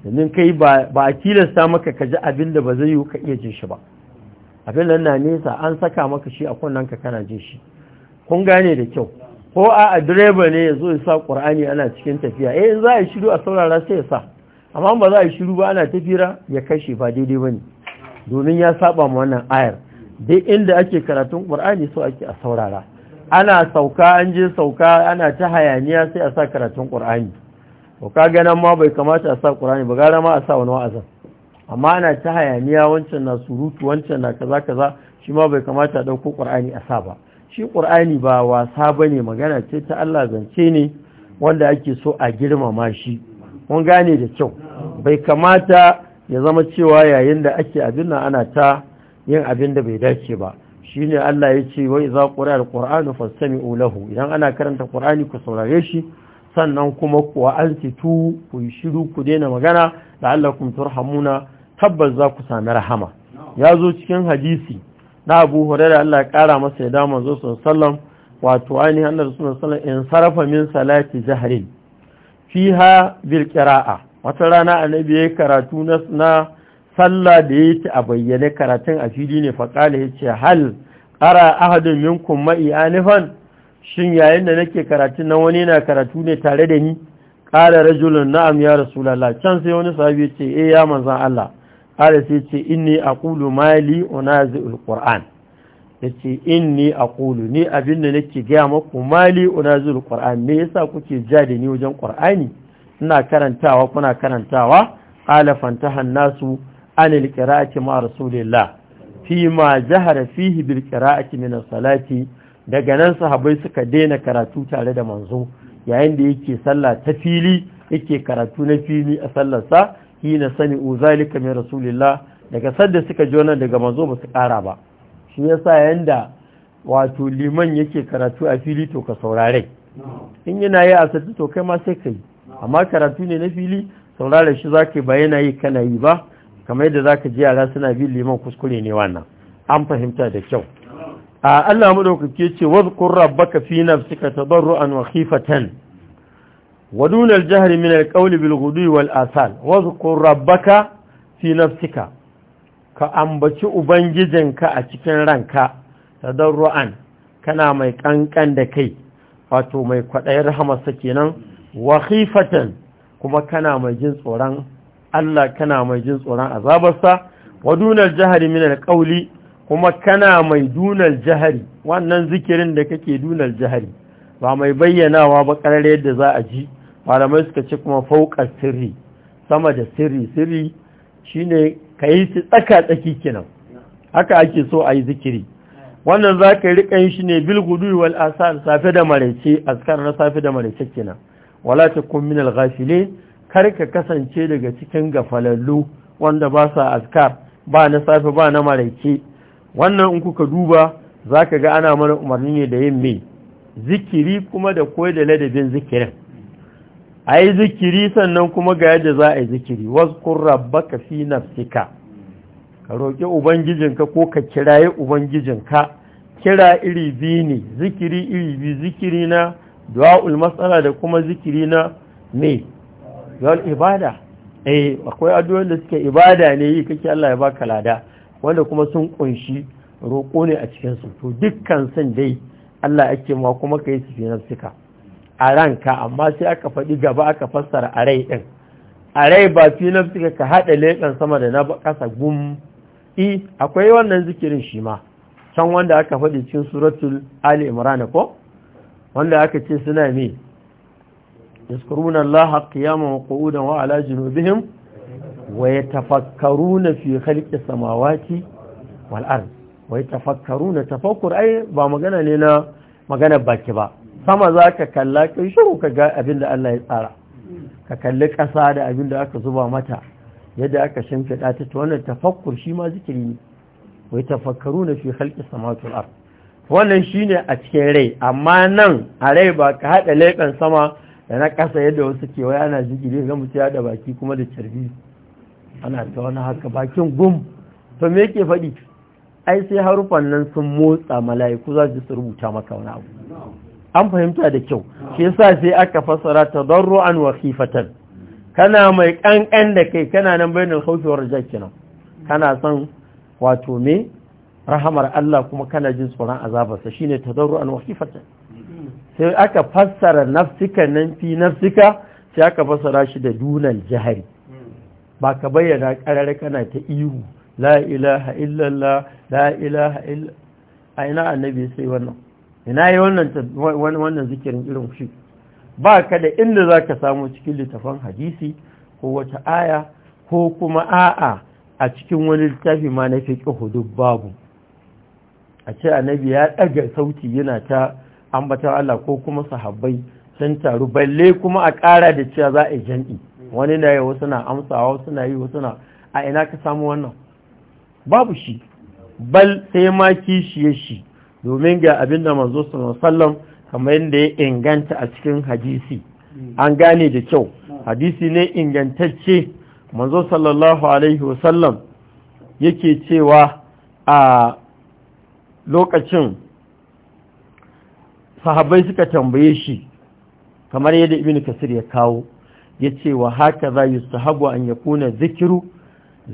domin kai ba a tilasta maka ka ji abin da ba zai yiwu ka iya jin shi ba abin nan na nesa an saka maka shi a kunnen ka kana jin shi kun gane da kyau ko a direba ne ya zo ya sa ƙur'ani ana cikin tafiya eh in za a yi shiru a saurara sai ya sa amma ba za a yi shiru ba ana tafira ya kashe ba daidai ba ne domin ya saba ma wannan ayar dai inda ake karatun ƙur'ani so ake a saurara ana sauka an je sauka ana ta hayaniya sai a sa karatun ƙur'ani to ka ganin ma bai kamata a sa ƙur'ani ba gara ma a sa wani wa'azan amma ana ta hayaniya wancan na surutu wancan na kaza kaza shi ma bai kamata a ɗauko ƙur'ani a sa ba shi ƙur'ani ba wasa ba ne magana ce ta Allah zance ne wanda ake so a girmama shi mun gane da kyau bai kamata ya zama cewa yayin da ake abin nan ana ta yin abin da bai dace ba Shi ne Allah ya ce wai za ƙura al-ƙur'anu fassami olahu, idan ana karanta ƙur'ani ku saurare shi sannan kuma ku ansitu ku shiru ku daina magana da Allah la'allakum turhamuna tabbas za ku sami rahama ya zo cikin hadisi na Abu da Allah ya kara masa ya dama zo sallam wato ainihin Allah sallallahu alaihi in sarrafa min salati jahrin fiha bil qira'a wata rana annabi ya karatu na sallah da ya ci a bayyane karatun a fili ne faƙali ya ce hal ƙara ahadin yankun ma'i anifan shin yayin da nake karatun na wani na karatu ne tare da ni ƙara rajulun na'am ya rasulallah can sai wani sahabi ce eh ya manzan Allah ƙara sai ce inni aqulu mali unazi'ul qur'an yace inni aqulu ni abin da nake gaya maku mali unazi'ul ne me yasa kuke ja da ni wajen qur'ani ina karantawa kuna karantawa qala fantahan nasu anil qira'ati ma rasulillah fi ma jahara fihi bil qira'ati min salati daga nan sahabbai suka daina karatu tare da manzo yayin da yake sallah ta fili yake karatu na fili a sallarsa hina sani uzalika min rasulillah daga sadda suka ji wannan daga manzo basu kara ba shi yasa yanda wato liman yake karatu a fili to ka saurare in yana yi a sati to kai ma sai ka yi amma karatu ne na fili saurare shi zaka ba yana yi kanayi ba kamar yadda za ka ji yara suna bin liman kuskure ne wannan an fahimta da kyau a Allah ke ce wazkur rabbaka fi nafsika tadarruan wa khifatan wa dun al-jahri min al-qawli bil ghudwi wal asal rabbaka fi nafsika ka ambaci ubangijinka a cikin ranka tadarruan kana mai ƙanƙan da kai wato mai kwaɗayar rahamarsa kenan wa khifatan kuma kana mai jin tsoron Allah kana mai jin tsoron azabarsa wa dunar jahari min alƙauli kuma kana mai dunar jahari wannan zikirin da kake dunar jahari ba mai bayyanawa ba ƙarar yadda za a ji malamai suka ce kuma fauƙar sirri sama da sirri sirri shine ka yi su tsaka tsaki kenan haka ake so a yi zikiri wannan za ka riƙa yin shi ne bil gudu wal asar safe da maraice askar na safe da maraice kenan wala takun min al ghafilin Kar ka kasance daga cikin gafalallu wanda ba sa askar ba na safe ba na maraice wannan in kuka duba za ka ga ana mana umarni ne da yin mai zikiri kuma da koi da ladabin zikirin a yi zikiri sannan kuma ga yadda za a yi zikiri wasu kurra ka fi nafsika ka roƙi ubangijinka ko ka ubangijin ubangijinka kira iri biyu ne zikiri iri biyu zikiri na du'a'ul matsala da kuma zikiri na mai yawon ibada eh akwai addu'o'in da suke ibada ne yi kake Allah ya baka lada wanda kuma sun kunshi roƙo ne a cikin su to dukkan san dai Allah ake ma kuma kai su fi nafsika a ranka amma sai aka faɗi gaba aka fassara a rai ɗin a rai ba fi ka haɗa leƙen sama da na ƙasa gum i akwai wannan zikirin shi ma can wanda aka faɗi cikin suratul ali imran ko wanda aka ce suna me يذكرون الله قياما وقعودا وعلى جنوبهم ويتفكرون في خلق السماوات والارض ويتفكرون تفكر ne na magana مغانا ba. sama za ka kalla kai shiru ka ga abin da Allah ya tsara ka kalli ƙasa da abin da aka zuba mata yadda aka shimfiɗa ta wannan tafakkur shi ma zikiri ne wai tafakkaru na fi halƙi wannan shine a cikin rai amma nan a rai ba ka haɗa leƙen sama da na kasa yadda wasu kewa yana jigiri ga mutu ya da baki kuma da carbi ana ta wani haka bakin gum to me yake faɗi ai sai harufan nan sun motsa mala'iku za su rubuta maka wani abu an fahimta da kyau shi yasa sai aka fassara an wa khifatan kana mai kankan da kai kana nan al khawfi wa raja kenan kana son wato me rahamar Allah kuma kana jin tsoron azabarsa shine an wa khifatan sai aka fassara nafsika nan fi nafsika sai aka fassara shi da dunan jihari ba ka bayyana karar kana ta ihu la ilaha illallah la ilaha illallah a ina annabi sai wannan ina yi wannan zikirin irin shi ba ka da inda zaka samu cikin littafan hadisi ko wata aya ko kuma a'a a cikin wani littafi ma na fi ƙi babu a ce annabi ya ɗaga sauti yana ta ambatan Allah ko kuma sahabbai sun taru balle kuma a ƙara da cewa za a yi jam'i wani na yi wasu na amsawa wasu na yi wasu na a ina ka samu wannan babu shi bal sai ma ya shi domin ga abin da manzo sallam kamar yadda ya inganta a cikin hadisi an gane da kyau hadisi ne ingantacce manzo sallallahu alaihi wasallam yake cewa a lokacin sahabbai suka tambaye shi kamar yadda ibn kasir ya kawo ya ce wa haka za yi sahabu an ya kuna zikiru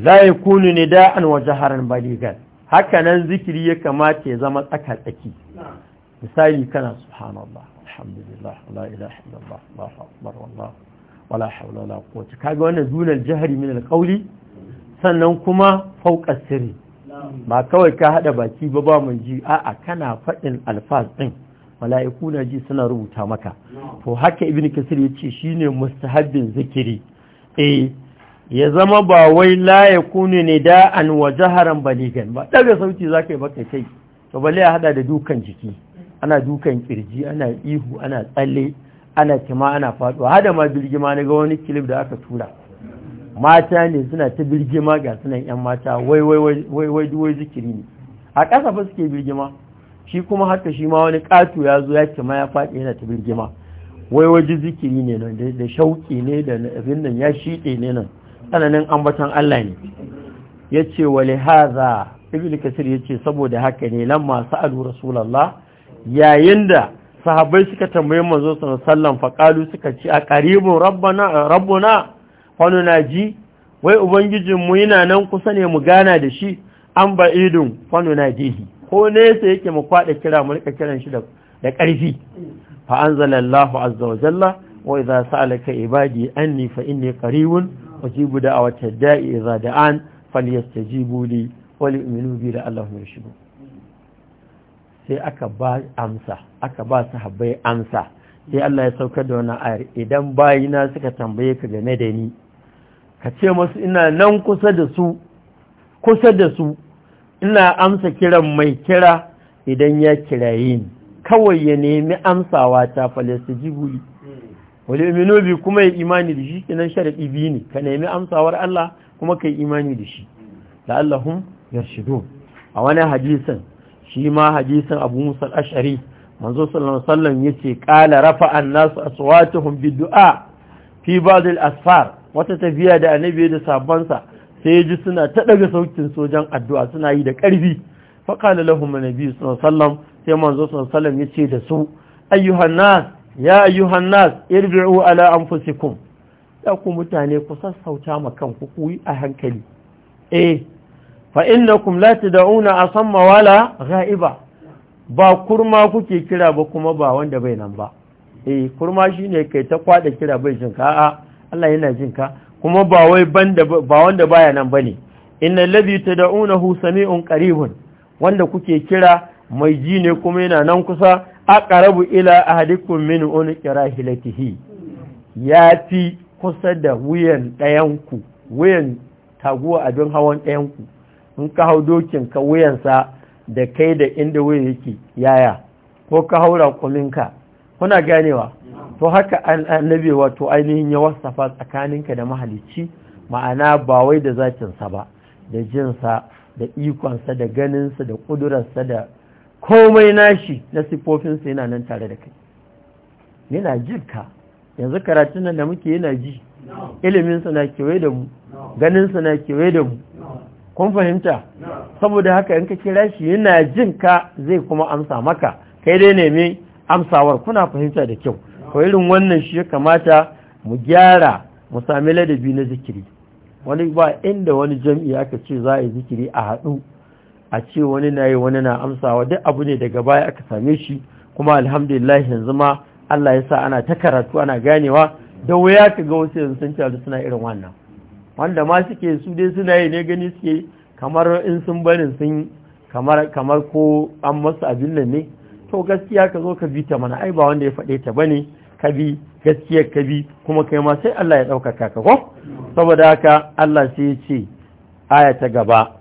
za ya kunu ne da'an wa jaharar baligan haka nan zikiri ya kamata ya zama tsaka-tsaki misali kana subhanallah alhamdulillah la ilaha illallah allahu akbar wallah wala hawla wala quwwata kaga wannan zunar jihar min alqawli sannan kuma fauka sirri ba kawai ka hada baki ba ba mun ji a'a kana fadin alfaz ɗin. mala'iku na ji suna rubuta maka to haka ibn kasir ya ce shi ne mustahabbin zikiri eh ya zama ba wai laye kunu ne da'an wa jaharan baligan ba daga sauti za ka yi baka kai to bale ya hada da dukan jiki ana dukan kirji ana ihu ana tsalle ana kima ana faduwa hada ma birgima na ga wani kilif da aka tura mata ne suna ta birgima ga sunan yan mata wai wai wai wai zikiri ne a ƙasa fa suke birgima shi kuma haka shi ma wani ƙato ya zo ya ce ma ya faɗi yana ta birgima wai waje zikiri ne nan da shauƙi ne da abin nan ya shiɗe ne nan tsananin ambaton Allah ne ya ce wa lihaza ibn kasir ya ce saboda haka ne nan masu adu rasulallah yayin da sahabai suka tambayi manzo sallan faƙalu suka ce a ƙaribin rabbana rabbuna wani na ji wai ubangijinmu yana nan kusa ne mu gana da shi an ba'idun wani na jihi ko nesa yake mu faɗa kira mu rika kiran shi da ƙarfi fa anzalallahu azza wa jalla wa idza sa'alaka ibadi anni fa inni qaribun ujibu da'wata da'i idza da'an falyastajibu li wa liyu'minu bi wa yarshudun sai aka ba amsa aka ba sahabbai amsa sai Allah ya sauka da wannan ayar idan bayina suka tambaye ka game da ni ka ce masu ina nan kusa da su kusa da su ina amsa kiran mai kira idan ya kiraye ni kawai ya nemi amsawa ta falasta jibuli wale minobi kuma ya imani da shi kinan sharaɗi biyu ne ka nemi amsawar Allah kuma ka yi imani da shi la'allahum yarshidu a wani hadisan shi ma hadisan abu musa ashari manzo sallallahu sallam ya ce ƙala rafa an-nasu aswatuhum bi dua fi asfar wata tafiya da annabi da sabonsa. sai ji suna ta daga saukin sojan addu'a suna yi da ƙarfi faƙala biyu nabi sallam sai manzo sallam ya ce da su ayyuhannas ya ayyuhannas irbi'u ala ya ku mutane ku sassauta ma kanku ku yi a hankali eh fa innakum la a san mawala ra'iba ba kurma kuke kira ba kuma ba wanda bai nan ba eh kurma shine kai ta kwada kira bai jinka a'a Allah yana jinka kuma ba wai banda ba wanda baya nan bane innal ladhi tad'unahu sami'un qaribun wanda kuke kira mai ji ne kuma yana nan kusa aqrabu ila ahadikum min unqi rahilatihi kusa da wuyan ku wuyan taguwa abin hawan ɗayanku in ka hau wuyan wuyansa da kai da inda wuyan yake yaya ko ka hau rakuminka kuna ganewa to haka annabi wato ainihin ya wasafa tsakaninka da mahalicci ma'ana ba wai da zakinsa ba da jinsa da ikonsa da ganinsa da kudurarsa da komai nashi na siffofinsa yana nan tare da kai yana ka yanzu karatun nan da muke yana ji iliminsa na kewaye da mu ganinsa na kewaye da mu kun fahimta saboda haka in ka kira shi yana jin ka zai kuma amsa maka kai dai neme amsawar kuna fahimta da kyau ko irin wannan shi ya kamata mu gyara mu sami ladabi na zikiri wani ba inda wani jam'i aka ce za a yi zikiri a haɗu a ce wani na yi wani na amsawa duk abu ne daga baya aka same shi kuma alhamdulillah yanzu ma Allah ya sa ana ta karatu ana ganewa da wuya ka ga wasu yanzu sun taru suna irin wannan wanda ma suke su dai suna yi ne gani suke kamar in sun barin sun kamar kamar ko an masu abin nan ne so gaskiya ka zo ka bi ta mana ai ba wanda ya faɗe ta bane ka bi gaskiyar ka bi kuma kai ma sai Allah ya ɗaukaka ka ko saboda haka Allah sai ya ce aya ta gaba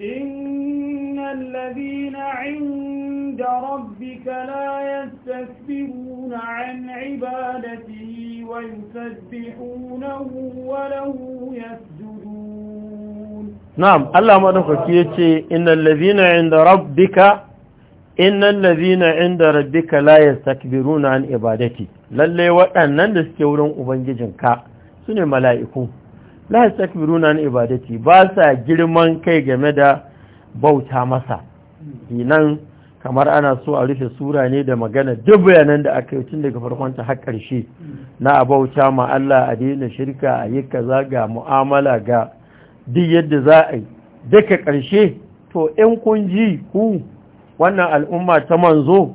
innal ladina inda rabbika la yastakbiruna an ibadatihi wa yusabbihunahu wa lahu yasjudun na'am Allah madaukaki yace innal ladina inda rabbika innan lazina inda rabbika la yastakbiruna an ibadati lalle waɗannan da suke wurin ubangijinka su mala'iku la yastakbiruna an ibadati ba sa girman kai game da bauta masa inan kamar ana so a rufe sura ne da magana duk bayanan da aka yi tun daga farkon ta har ƙarshe na abauta ma Allah a daina shirka a yi kaza ga mu'amala ga duk yadda za a yi duka ƙarshe to in kun ji ku wannan al'umma ta manzo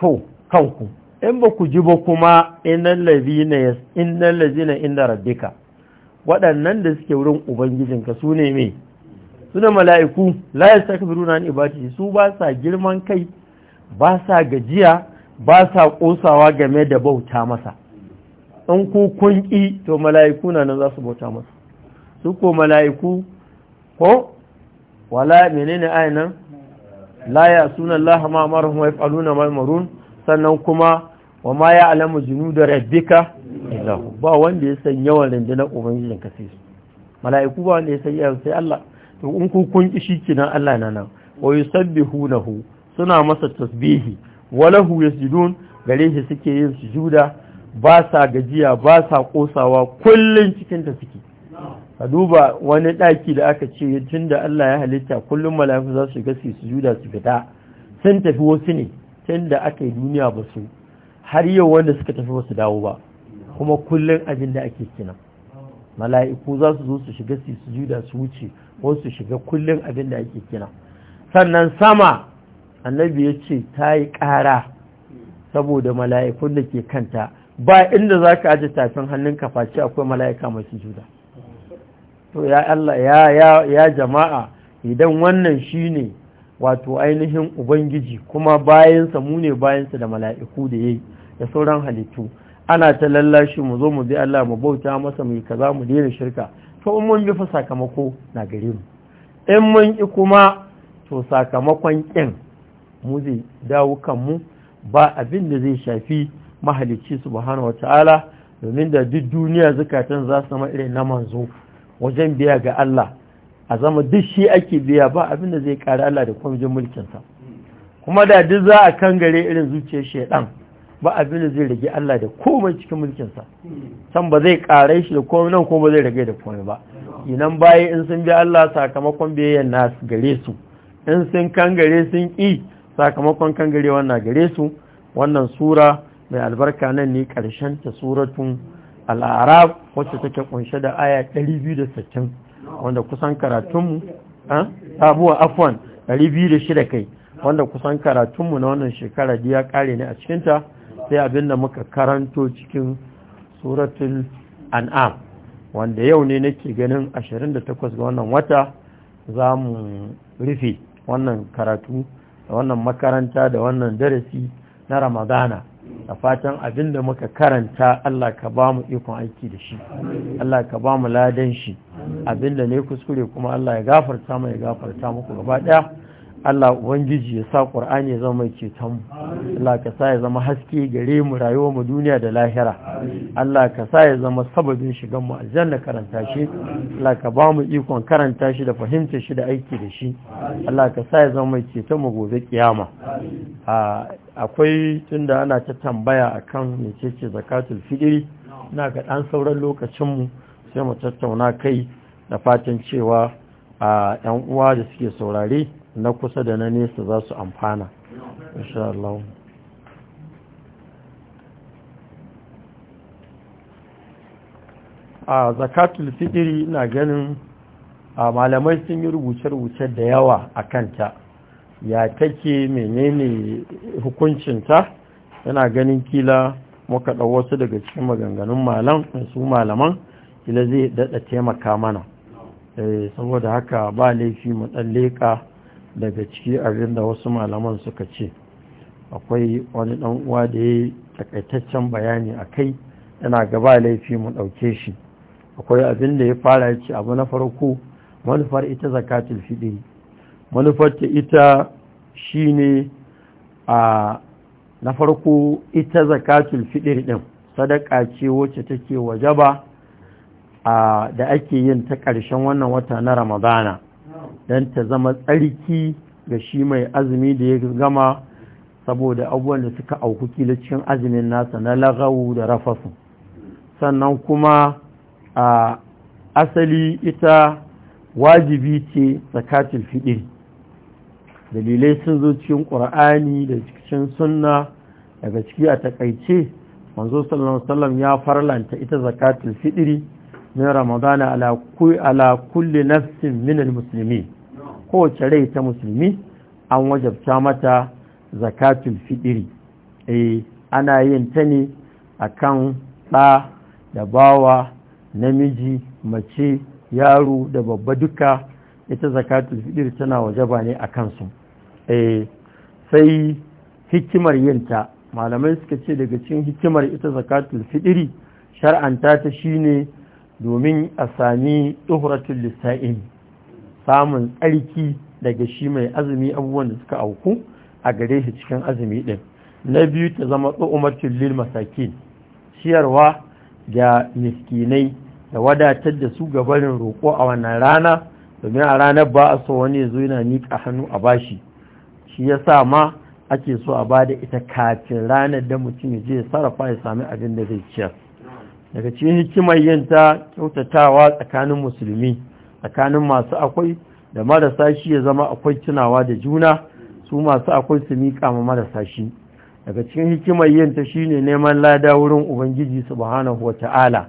to kanku in ba ku ji ba kuma inan lazina inda rabbika waɗannan da suke wurin ubangijinka su ne mai suna mala'iku layar ta kabiru na ibati su ba sa girman kai ba sa gajiya ba sa ƙosawa game da bauta masa in ku kun to mala'iku na nan za su bauta masa su ko mala'iku ko wala menene ainihin la ya suna Allah ma marhum wa yaf'aluna ma sannan kuma wa ma ya alamu junuda rabbika illahu ba wanda ya san yawan rundunar ubangijin ka sai mala'iku ba wanda ya san yawan sai Allah to in ku kun ki na Allah na nan wa yusabbihunahu suna masa tasbihi wa lahu yasjudun gare shi suke yin sujuda ba sa gajiya ba sa kosawa kullun cikin ta ka duba wani ɗaki da aka ce tun da Allah ya halitta kullum mala'iku za su gasi su juda su fita sun tafi wasu ne tun da aka yi duniya ba su har yau wanda suka tafi wasu dawo ba kuma kullum abin da ake kina mala'iku za su zo su shiga su su juda su wuce wasu shiga kullum abin da ake kina sannan sama annabi ya ce ta yi ƙara saboda mala'ikun da ke kanta ba inda za ka aji tafin hannun kafaci akwai mala'ika mai juda to ya Allah ya ya ya jama'a idan wannan shine wato ainihin ubangiji kuma bayansa mu ne bayansa da mala'iku da yayi da sauran halittu ana ta lallashi mu zo mu bi Allah mu bauta masa mu kaza mu daina shirka to in mun bi fa sakamako na gare mu in mun ki kuma to sakamakon kin mu zai dawo mu ba abin da zai shafi mahalicci subhanahu wataala domin da duk duniya zakatan za su zama irin na manzo wajen biya ga Allah a zama duk shi ake biya ba abin da zai kare Allah da kwamjin mulkinsa kuma da duk za a kan gare irin zuciyar shaidan ba abin zai rage Allah da komai cikin mulkinsa san ba zai kare shi da komai nan ko ba zai rage da komai ba inan bayi in sun bi Allah sakamakon biyayyen nasu gare su in sun kan gare sun ki sakamakon kan gare wannan gare su wannan sura mai albarka nan ne karshen ta suratun al'arab wacce take kunshe da aya 260 wanda kusan karatunmu sabuwa afwan 206 kai wanda kusan karatunmu na wannan shekara ya kare ne a cikinta sai abin da muka karanto cikin suratul an'am wanda yau ne nake ganin 28 ga wannan wata za mu rufe wannan karatu da wannan makaranta da wannan darasi na ramadana da fatan abin da muka karanta Allah ka ba mu ikon aiki da shi Allah ka ba mu ladan shi abin da ne kuskure kuma Allah ya gafarta mu ya gafarta muku gaba ɗaya Allah Ubangiji ya sa ƙur'ani ya zama cetonmu. Allah ka sa ya zama haske gare mu rayuwa mu duniya da lahira Allah ka sa ya zama sababin shigan mu aljanna karanta shi Allah ka ba mu ikon karanta shi da fahimta shi da aiki da shi Allah ka sa ya zama ceton mu gobe kiyama akwai tunda ana ta tambaya akan mecece zakatul fidiri na ga ɗan sauran lokacinmu sai mu tattauna kai da fatan cewa a 'yan uwa da suke saurare na kusa da na nesa za su amfana insha a zakatul fitiri na ganin a malamai sun yi rubuce-rubuce da yawa a kanta ya take menene hukuncinta yana ganin kila muka ɗau wasu daga cikin maganganun malam su malaman kila zai daɗa taimaka mana eh, saboda haka ba laifi mu ɗan leƙa daga ciki abin da wasu malaman suka ce akwai wani dan uwa da ya takaitaccen bayani a kai yana gaba laifi mu ɗauke shi akwai abin da ya fara ya ce abu na farko manufar ita zakatul fiɗi manufar ta ita shine a na farko ita zakatul fiɗir ɗin sadaka ce wacce take wajaba a da ake yin ta ƙarshen wannan wata na ramadana don ta zama tsarki ga shi mai azumi da ya gama saboda abubuwan da suka auku kila cikin azumin nasa na lagawu da rafasu sannan kuma a asali ita wajibi ce zakatul fiɗiri. dalilai sun zo cikin qur'ani da cikin sunna daga ciki a takaice manzo sallallahu alaihi ya farlanta ita zakatul fiɗiri. min ramadana ala kulli nafsin minal musulmi kowace rai ta musulmi an wajabta mata zakatul fiɗiri. eh ana yin ta ne akan ɗa da bawa namiji mace yaro da babba duka ita zakatul fiɗiri tana wajaba ne a kansu eh sai hikimar yinta malamai suka ce daga cikin hikimar ita zakatul fiɗiri? shar'anta ta shine domin a sami tsohuratun lissa'in samun tsarki daga shi mai azumi abubuwan da suka auku a gare shi cikin azumi ɗin na biyu ta zama tsohuratun lil masakin ciyarwa ga miskinai da wadatar da su gabarin roƙo a wannan rana domin a ranar ba a so wani zo yana miƙa hannu a bashi shi ya sa ma ake so a ba da ita kafin ranar da mutum ya je sarrafa ya sami abin da zai ciyar daga cikin hikimar yin ta kyautatawa tsakanin musulmi tsakanin masu akwai da marasa shi ya zama akwai tunawa da juna su masu akwai su miƙa ma marasa shi daga cikin hikimar yin ta shine neman lada wurin ubangiji subhanahu wata'ala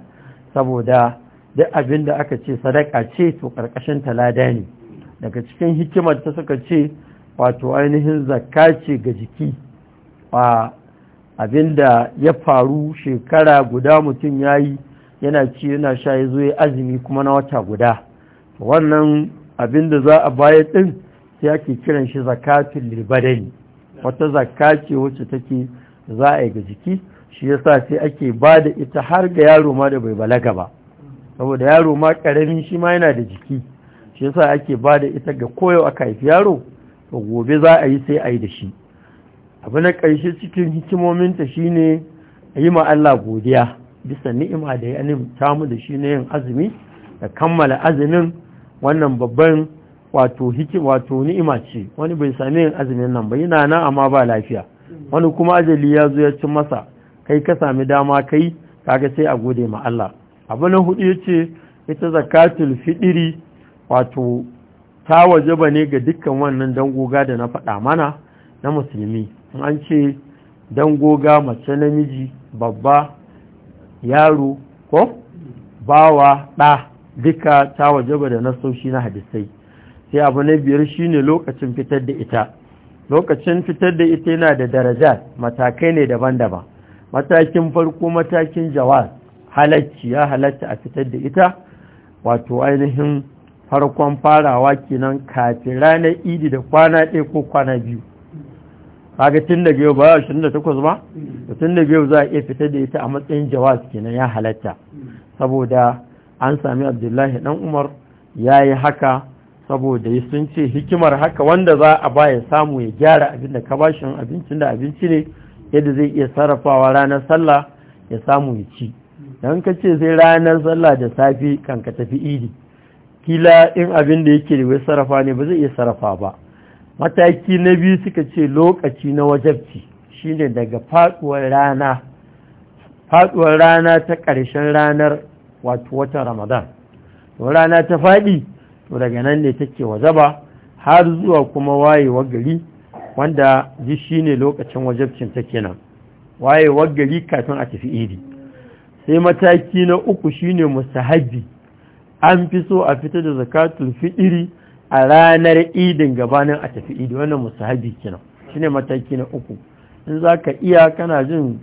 saboda duk abin da aka ce sadaka ce to karkashin ta lada ne daga cikin hikimar ta suka ce wato ainihin zakka ce ga jiki Abin da ya faru shekara guda mutum ya yi yana ci yana sha ya zo ya azumi kuma na wata guda wannan abin da za a baya din sai ake kiran shi zakatun libadani wata zakace ce wacce take za a yi ga jiki shi yasa sai ake ba da ita har ga yaro ma da bai balaga ba saboda yaro ma karamin shi ma yana da jiki shi yasa ake ba da ita ga koyo aka haifi yaro to gobe za a yi sai a yi da shi abu na ƙarshe cikin hikimominta shine yi ma Allah godiya bisa ni'ima da ya nimta mu da shi na yin azumi da kammala azumin wannan babban wato wato ni'ima ce wani bai sami yin azumin nan ba yana nan amma ba lafiya wani kuma ajali ya zo ya cin masa kai ka sami dama kai kaga sai a gode ma Allah abu na hudu yace ita zakatul fidiri wato ta wajaba ne ga dukkan wannan dangoga da na faɗa mana na musulmi an ce dan goga mace namiji babba yaro ko bawa ɗa duka ta wajaba da nasoshi na hadisai sai abu na biyar shine lokacin fitar da ita lokacin fitar da ita yana da daraja matakai ne daban-daban matakin farko matakin jawaz halacci ya halatta a fitar da ita wato ainihin farkon farawa kenan kafin ranar idi da kwana ɗaya ko kwana biyu kaga tun da biyu ba takwas ba tun da biyu za a iya fitar da ita a matsayin jawaz kenan ya halatta saboda an sami abdullahi dan umar ya yi haka saboda yi sun ce hikimar haka wanda za a ba ya samu ya gyara abin da ka bashin abincin da abinci ne yadda zai iya sarrafawa ranar sallah ya samu ya ci don ka ce sai ranar sallah da safe kan ka tafi idi kila in abin da yake da wai sarrafa ne ba zai iya sarrafa ba mataki na biyu suka ce lokaci na wajabci shine daga faduwar rana ta ƙarshen ranar wato watan ramadan to rana ta faɗi to daga nan ne take wajaba har zuwa kuma wayewar gari wanda ji shine lokacin wajabcin ta kenan wayewar gari kafin a tafi iri. sai mataki na uku shine mustahabbi an fi so a fita da zakatul iri a ranar idin gabanin a tafi idi wannan musahabi shi ne mataki na uku in za ka iya kana jin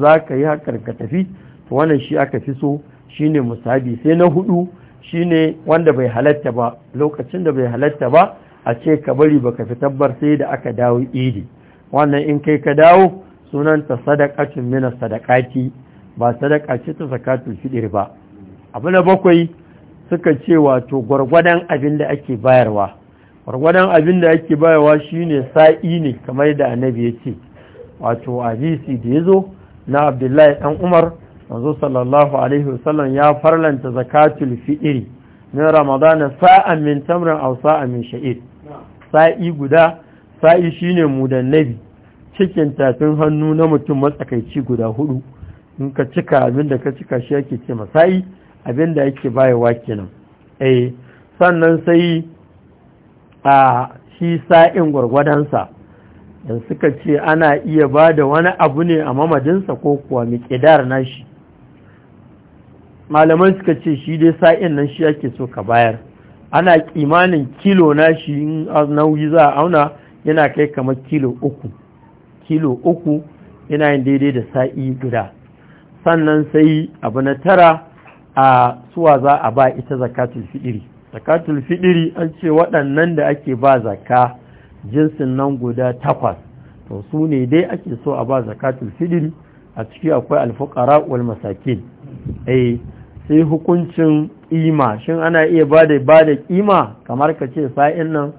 zaka yi hakar ka tafi to wannan shi aka fi so shi shine musahabi sai na hudu shi ne wanda bai halatta ba lokacin da bai halatta ba a ce ka bari ba ka fi tabbar sai da aka dawo idi wannan in kai ka dawo sunan sunanta sadakatun mina sadakati. ba sadaka ce ta zakatul fidir ba abu na bakwai suka ce wato gwargwadon abin da ake bayarwa gwargwadon abin da ake bayarwa shine sa'i ne kamar da annabi ya ce wato hadisi da ya zo na abdullahi Ɗan umar manzo sallallahu alaihi wasallam ya farlanta zakatul fi'ri na ramadana sa'an min tamrin aw sa'an min sha'ir sa'i guda sa'i shine mudannabi cikin tafin hannu na mutum matsakaici guda hudu in ka cika abin da ka cika shi ake ce masa'i abin da yake bayewa kenan eh sannan sai a shi sa'in gurgwadansa da suka ce ana iya ba da wani abu ne a mamadinsa ko kuwa miƙidar nashi malaman suka ce shi dai sa'in nan shi yake so ka bayar ana kimanin kilo nashi in nauyi za a auna yana kai kamar kilo uku kilo uku yana yin daidai da sa'i guda sannan sai abu na tara a suwa za a ba ita zakatul fiɗiri zakatul fiɗiri an ce waɗannan da ake ba zaka jinsin nan guda takwas to su ne dai ake so a ba zakatul fiɗiri a ciki akwai alfukara wal masakin eh sai hukuncin ƙima shin ana iya ba da ba da ƙima kamar ka ce sa'in nan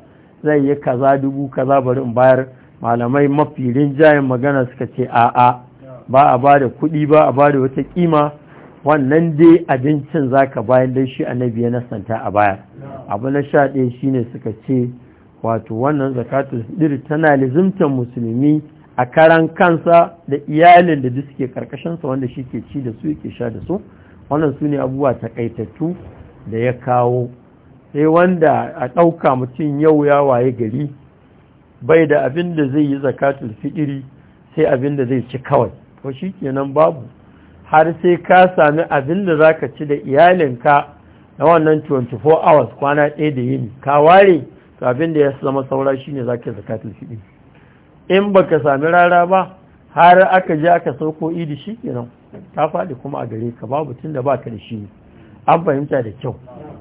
zai yi kaza dubu kaza bari in bayar malamai mafi rinjayen magana suka ce a'a ba a ba da kuɗi ba a ba da wata ƙima wannan dai abincin za ka bayan dai shi annabi ya nasanta a baya abu na sha ɗaya shine suka ce wato wannan zakatun fiɗiri tana lizimtar musulmi a karan kansa da iyalin da duk suke karkashinsa wanda shi ke ci da su yake sha da su wannan su ne abubuwa takaitattu da ya kawo sai wanda a ɗauka mutum yau ya waye gari bai da abin da zai yi zakatun fiɗiri sai abin da zai ci kawai ko shi kenan babu har sai ka sami abin da za ka ci da iyalinka na wannan 24 hours kwana ɗaya da yini ka ware to abin da ya zama saura shine za ka zakatun shiɗi in ba ka sami rara ba har aka je aka sauko idi shi kenan ta faɗi kuma a gare ka babu tun da ba ka da shi ne. an fahimta da kyau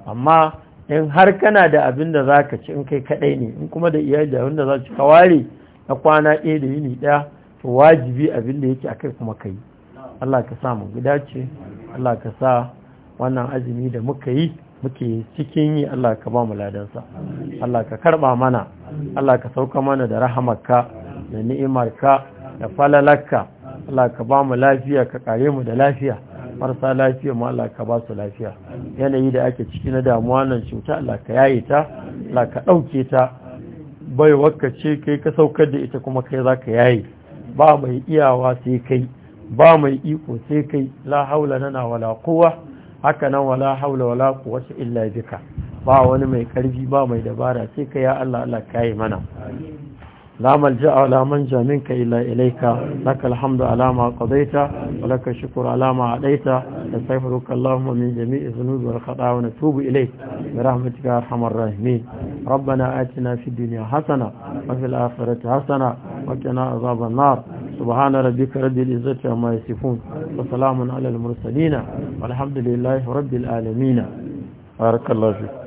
amma in har kana da abin da za ka ci in kai kaɗai ne in kuma da iyali da abin da za ci ka ware na kwana ɗaya da yini ɗaya to wajibi abin da yake a kai kuma ka yi Allah ka sa mu gidace Allah ka sa wannan azumi da muka yi muke cikin yi Allah ka ba mu ladansa Allah ka karɓa mana Allah ka sauka mana da rahamarka da ni'imarka da falalarka Allah ka ba mu lafiya ka kare mu da lafiya marasa lafiya mu Allah ka ba su lafiya yanayi da ake ciki na damuwa nan cuta Allah ka yaye ta Allah ka ɗauke ta wakka ce kai ka saukar da ita kuma kai za ka yaye ba mai iyawa sai kai ba mai iko sai kai la haula nana wala quwa haka nan wala haula wala illa bika ba wani mai karfi ba mai dabara sai kai ya Allah Allah kai mana la malja wa la manja minka illa ilayka lakal hamdu alama kazaita qadaita wa lakal shukru ala ma adaita astaghfiruka allahumma min jami'i dhunubi wal khata'i wa natubu ilayk bi rahmatika ya arhamar rahimin rabbana atina fid dunya hasana wa fil akhirati hasana wa qina adhaban nar subhana rabbika rabbil izzati amma yasifun wa salamun alal mursalin walhamdulillahi rabbil alamin barakallahu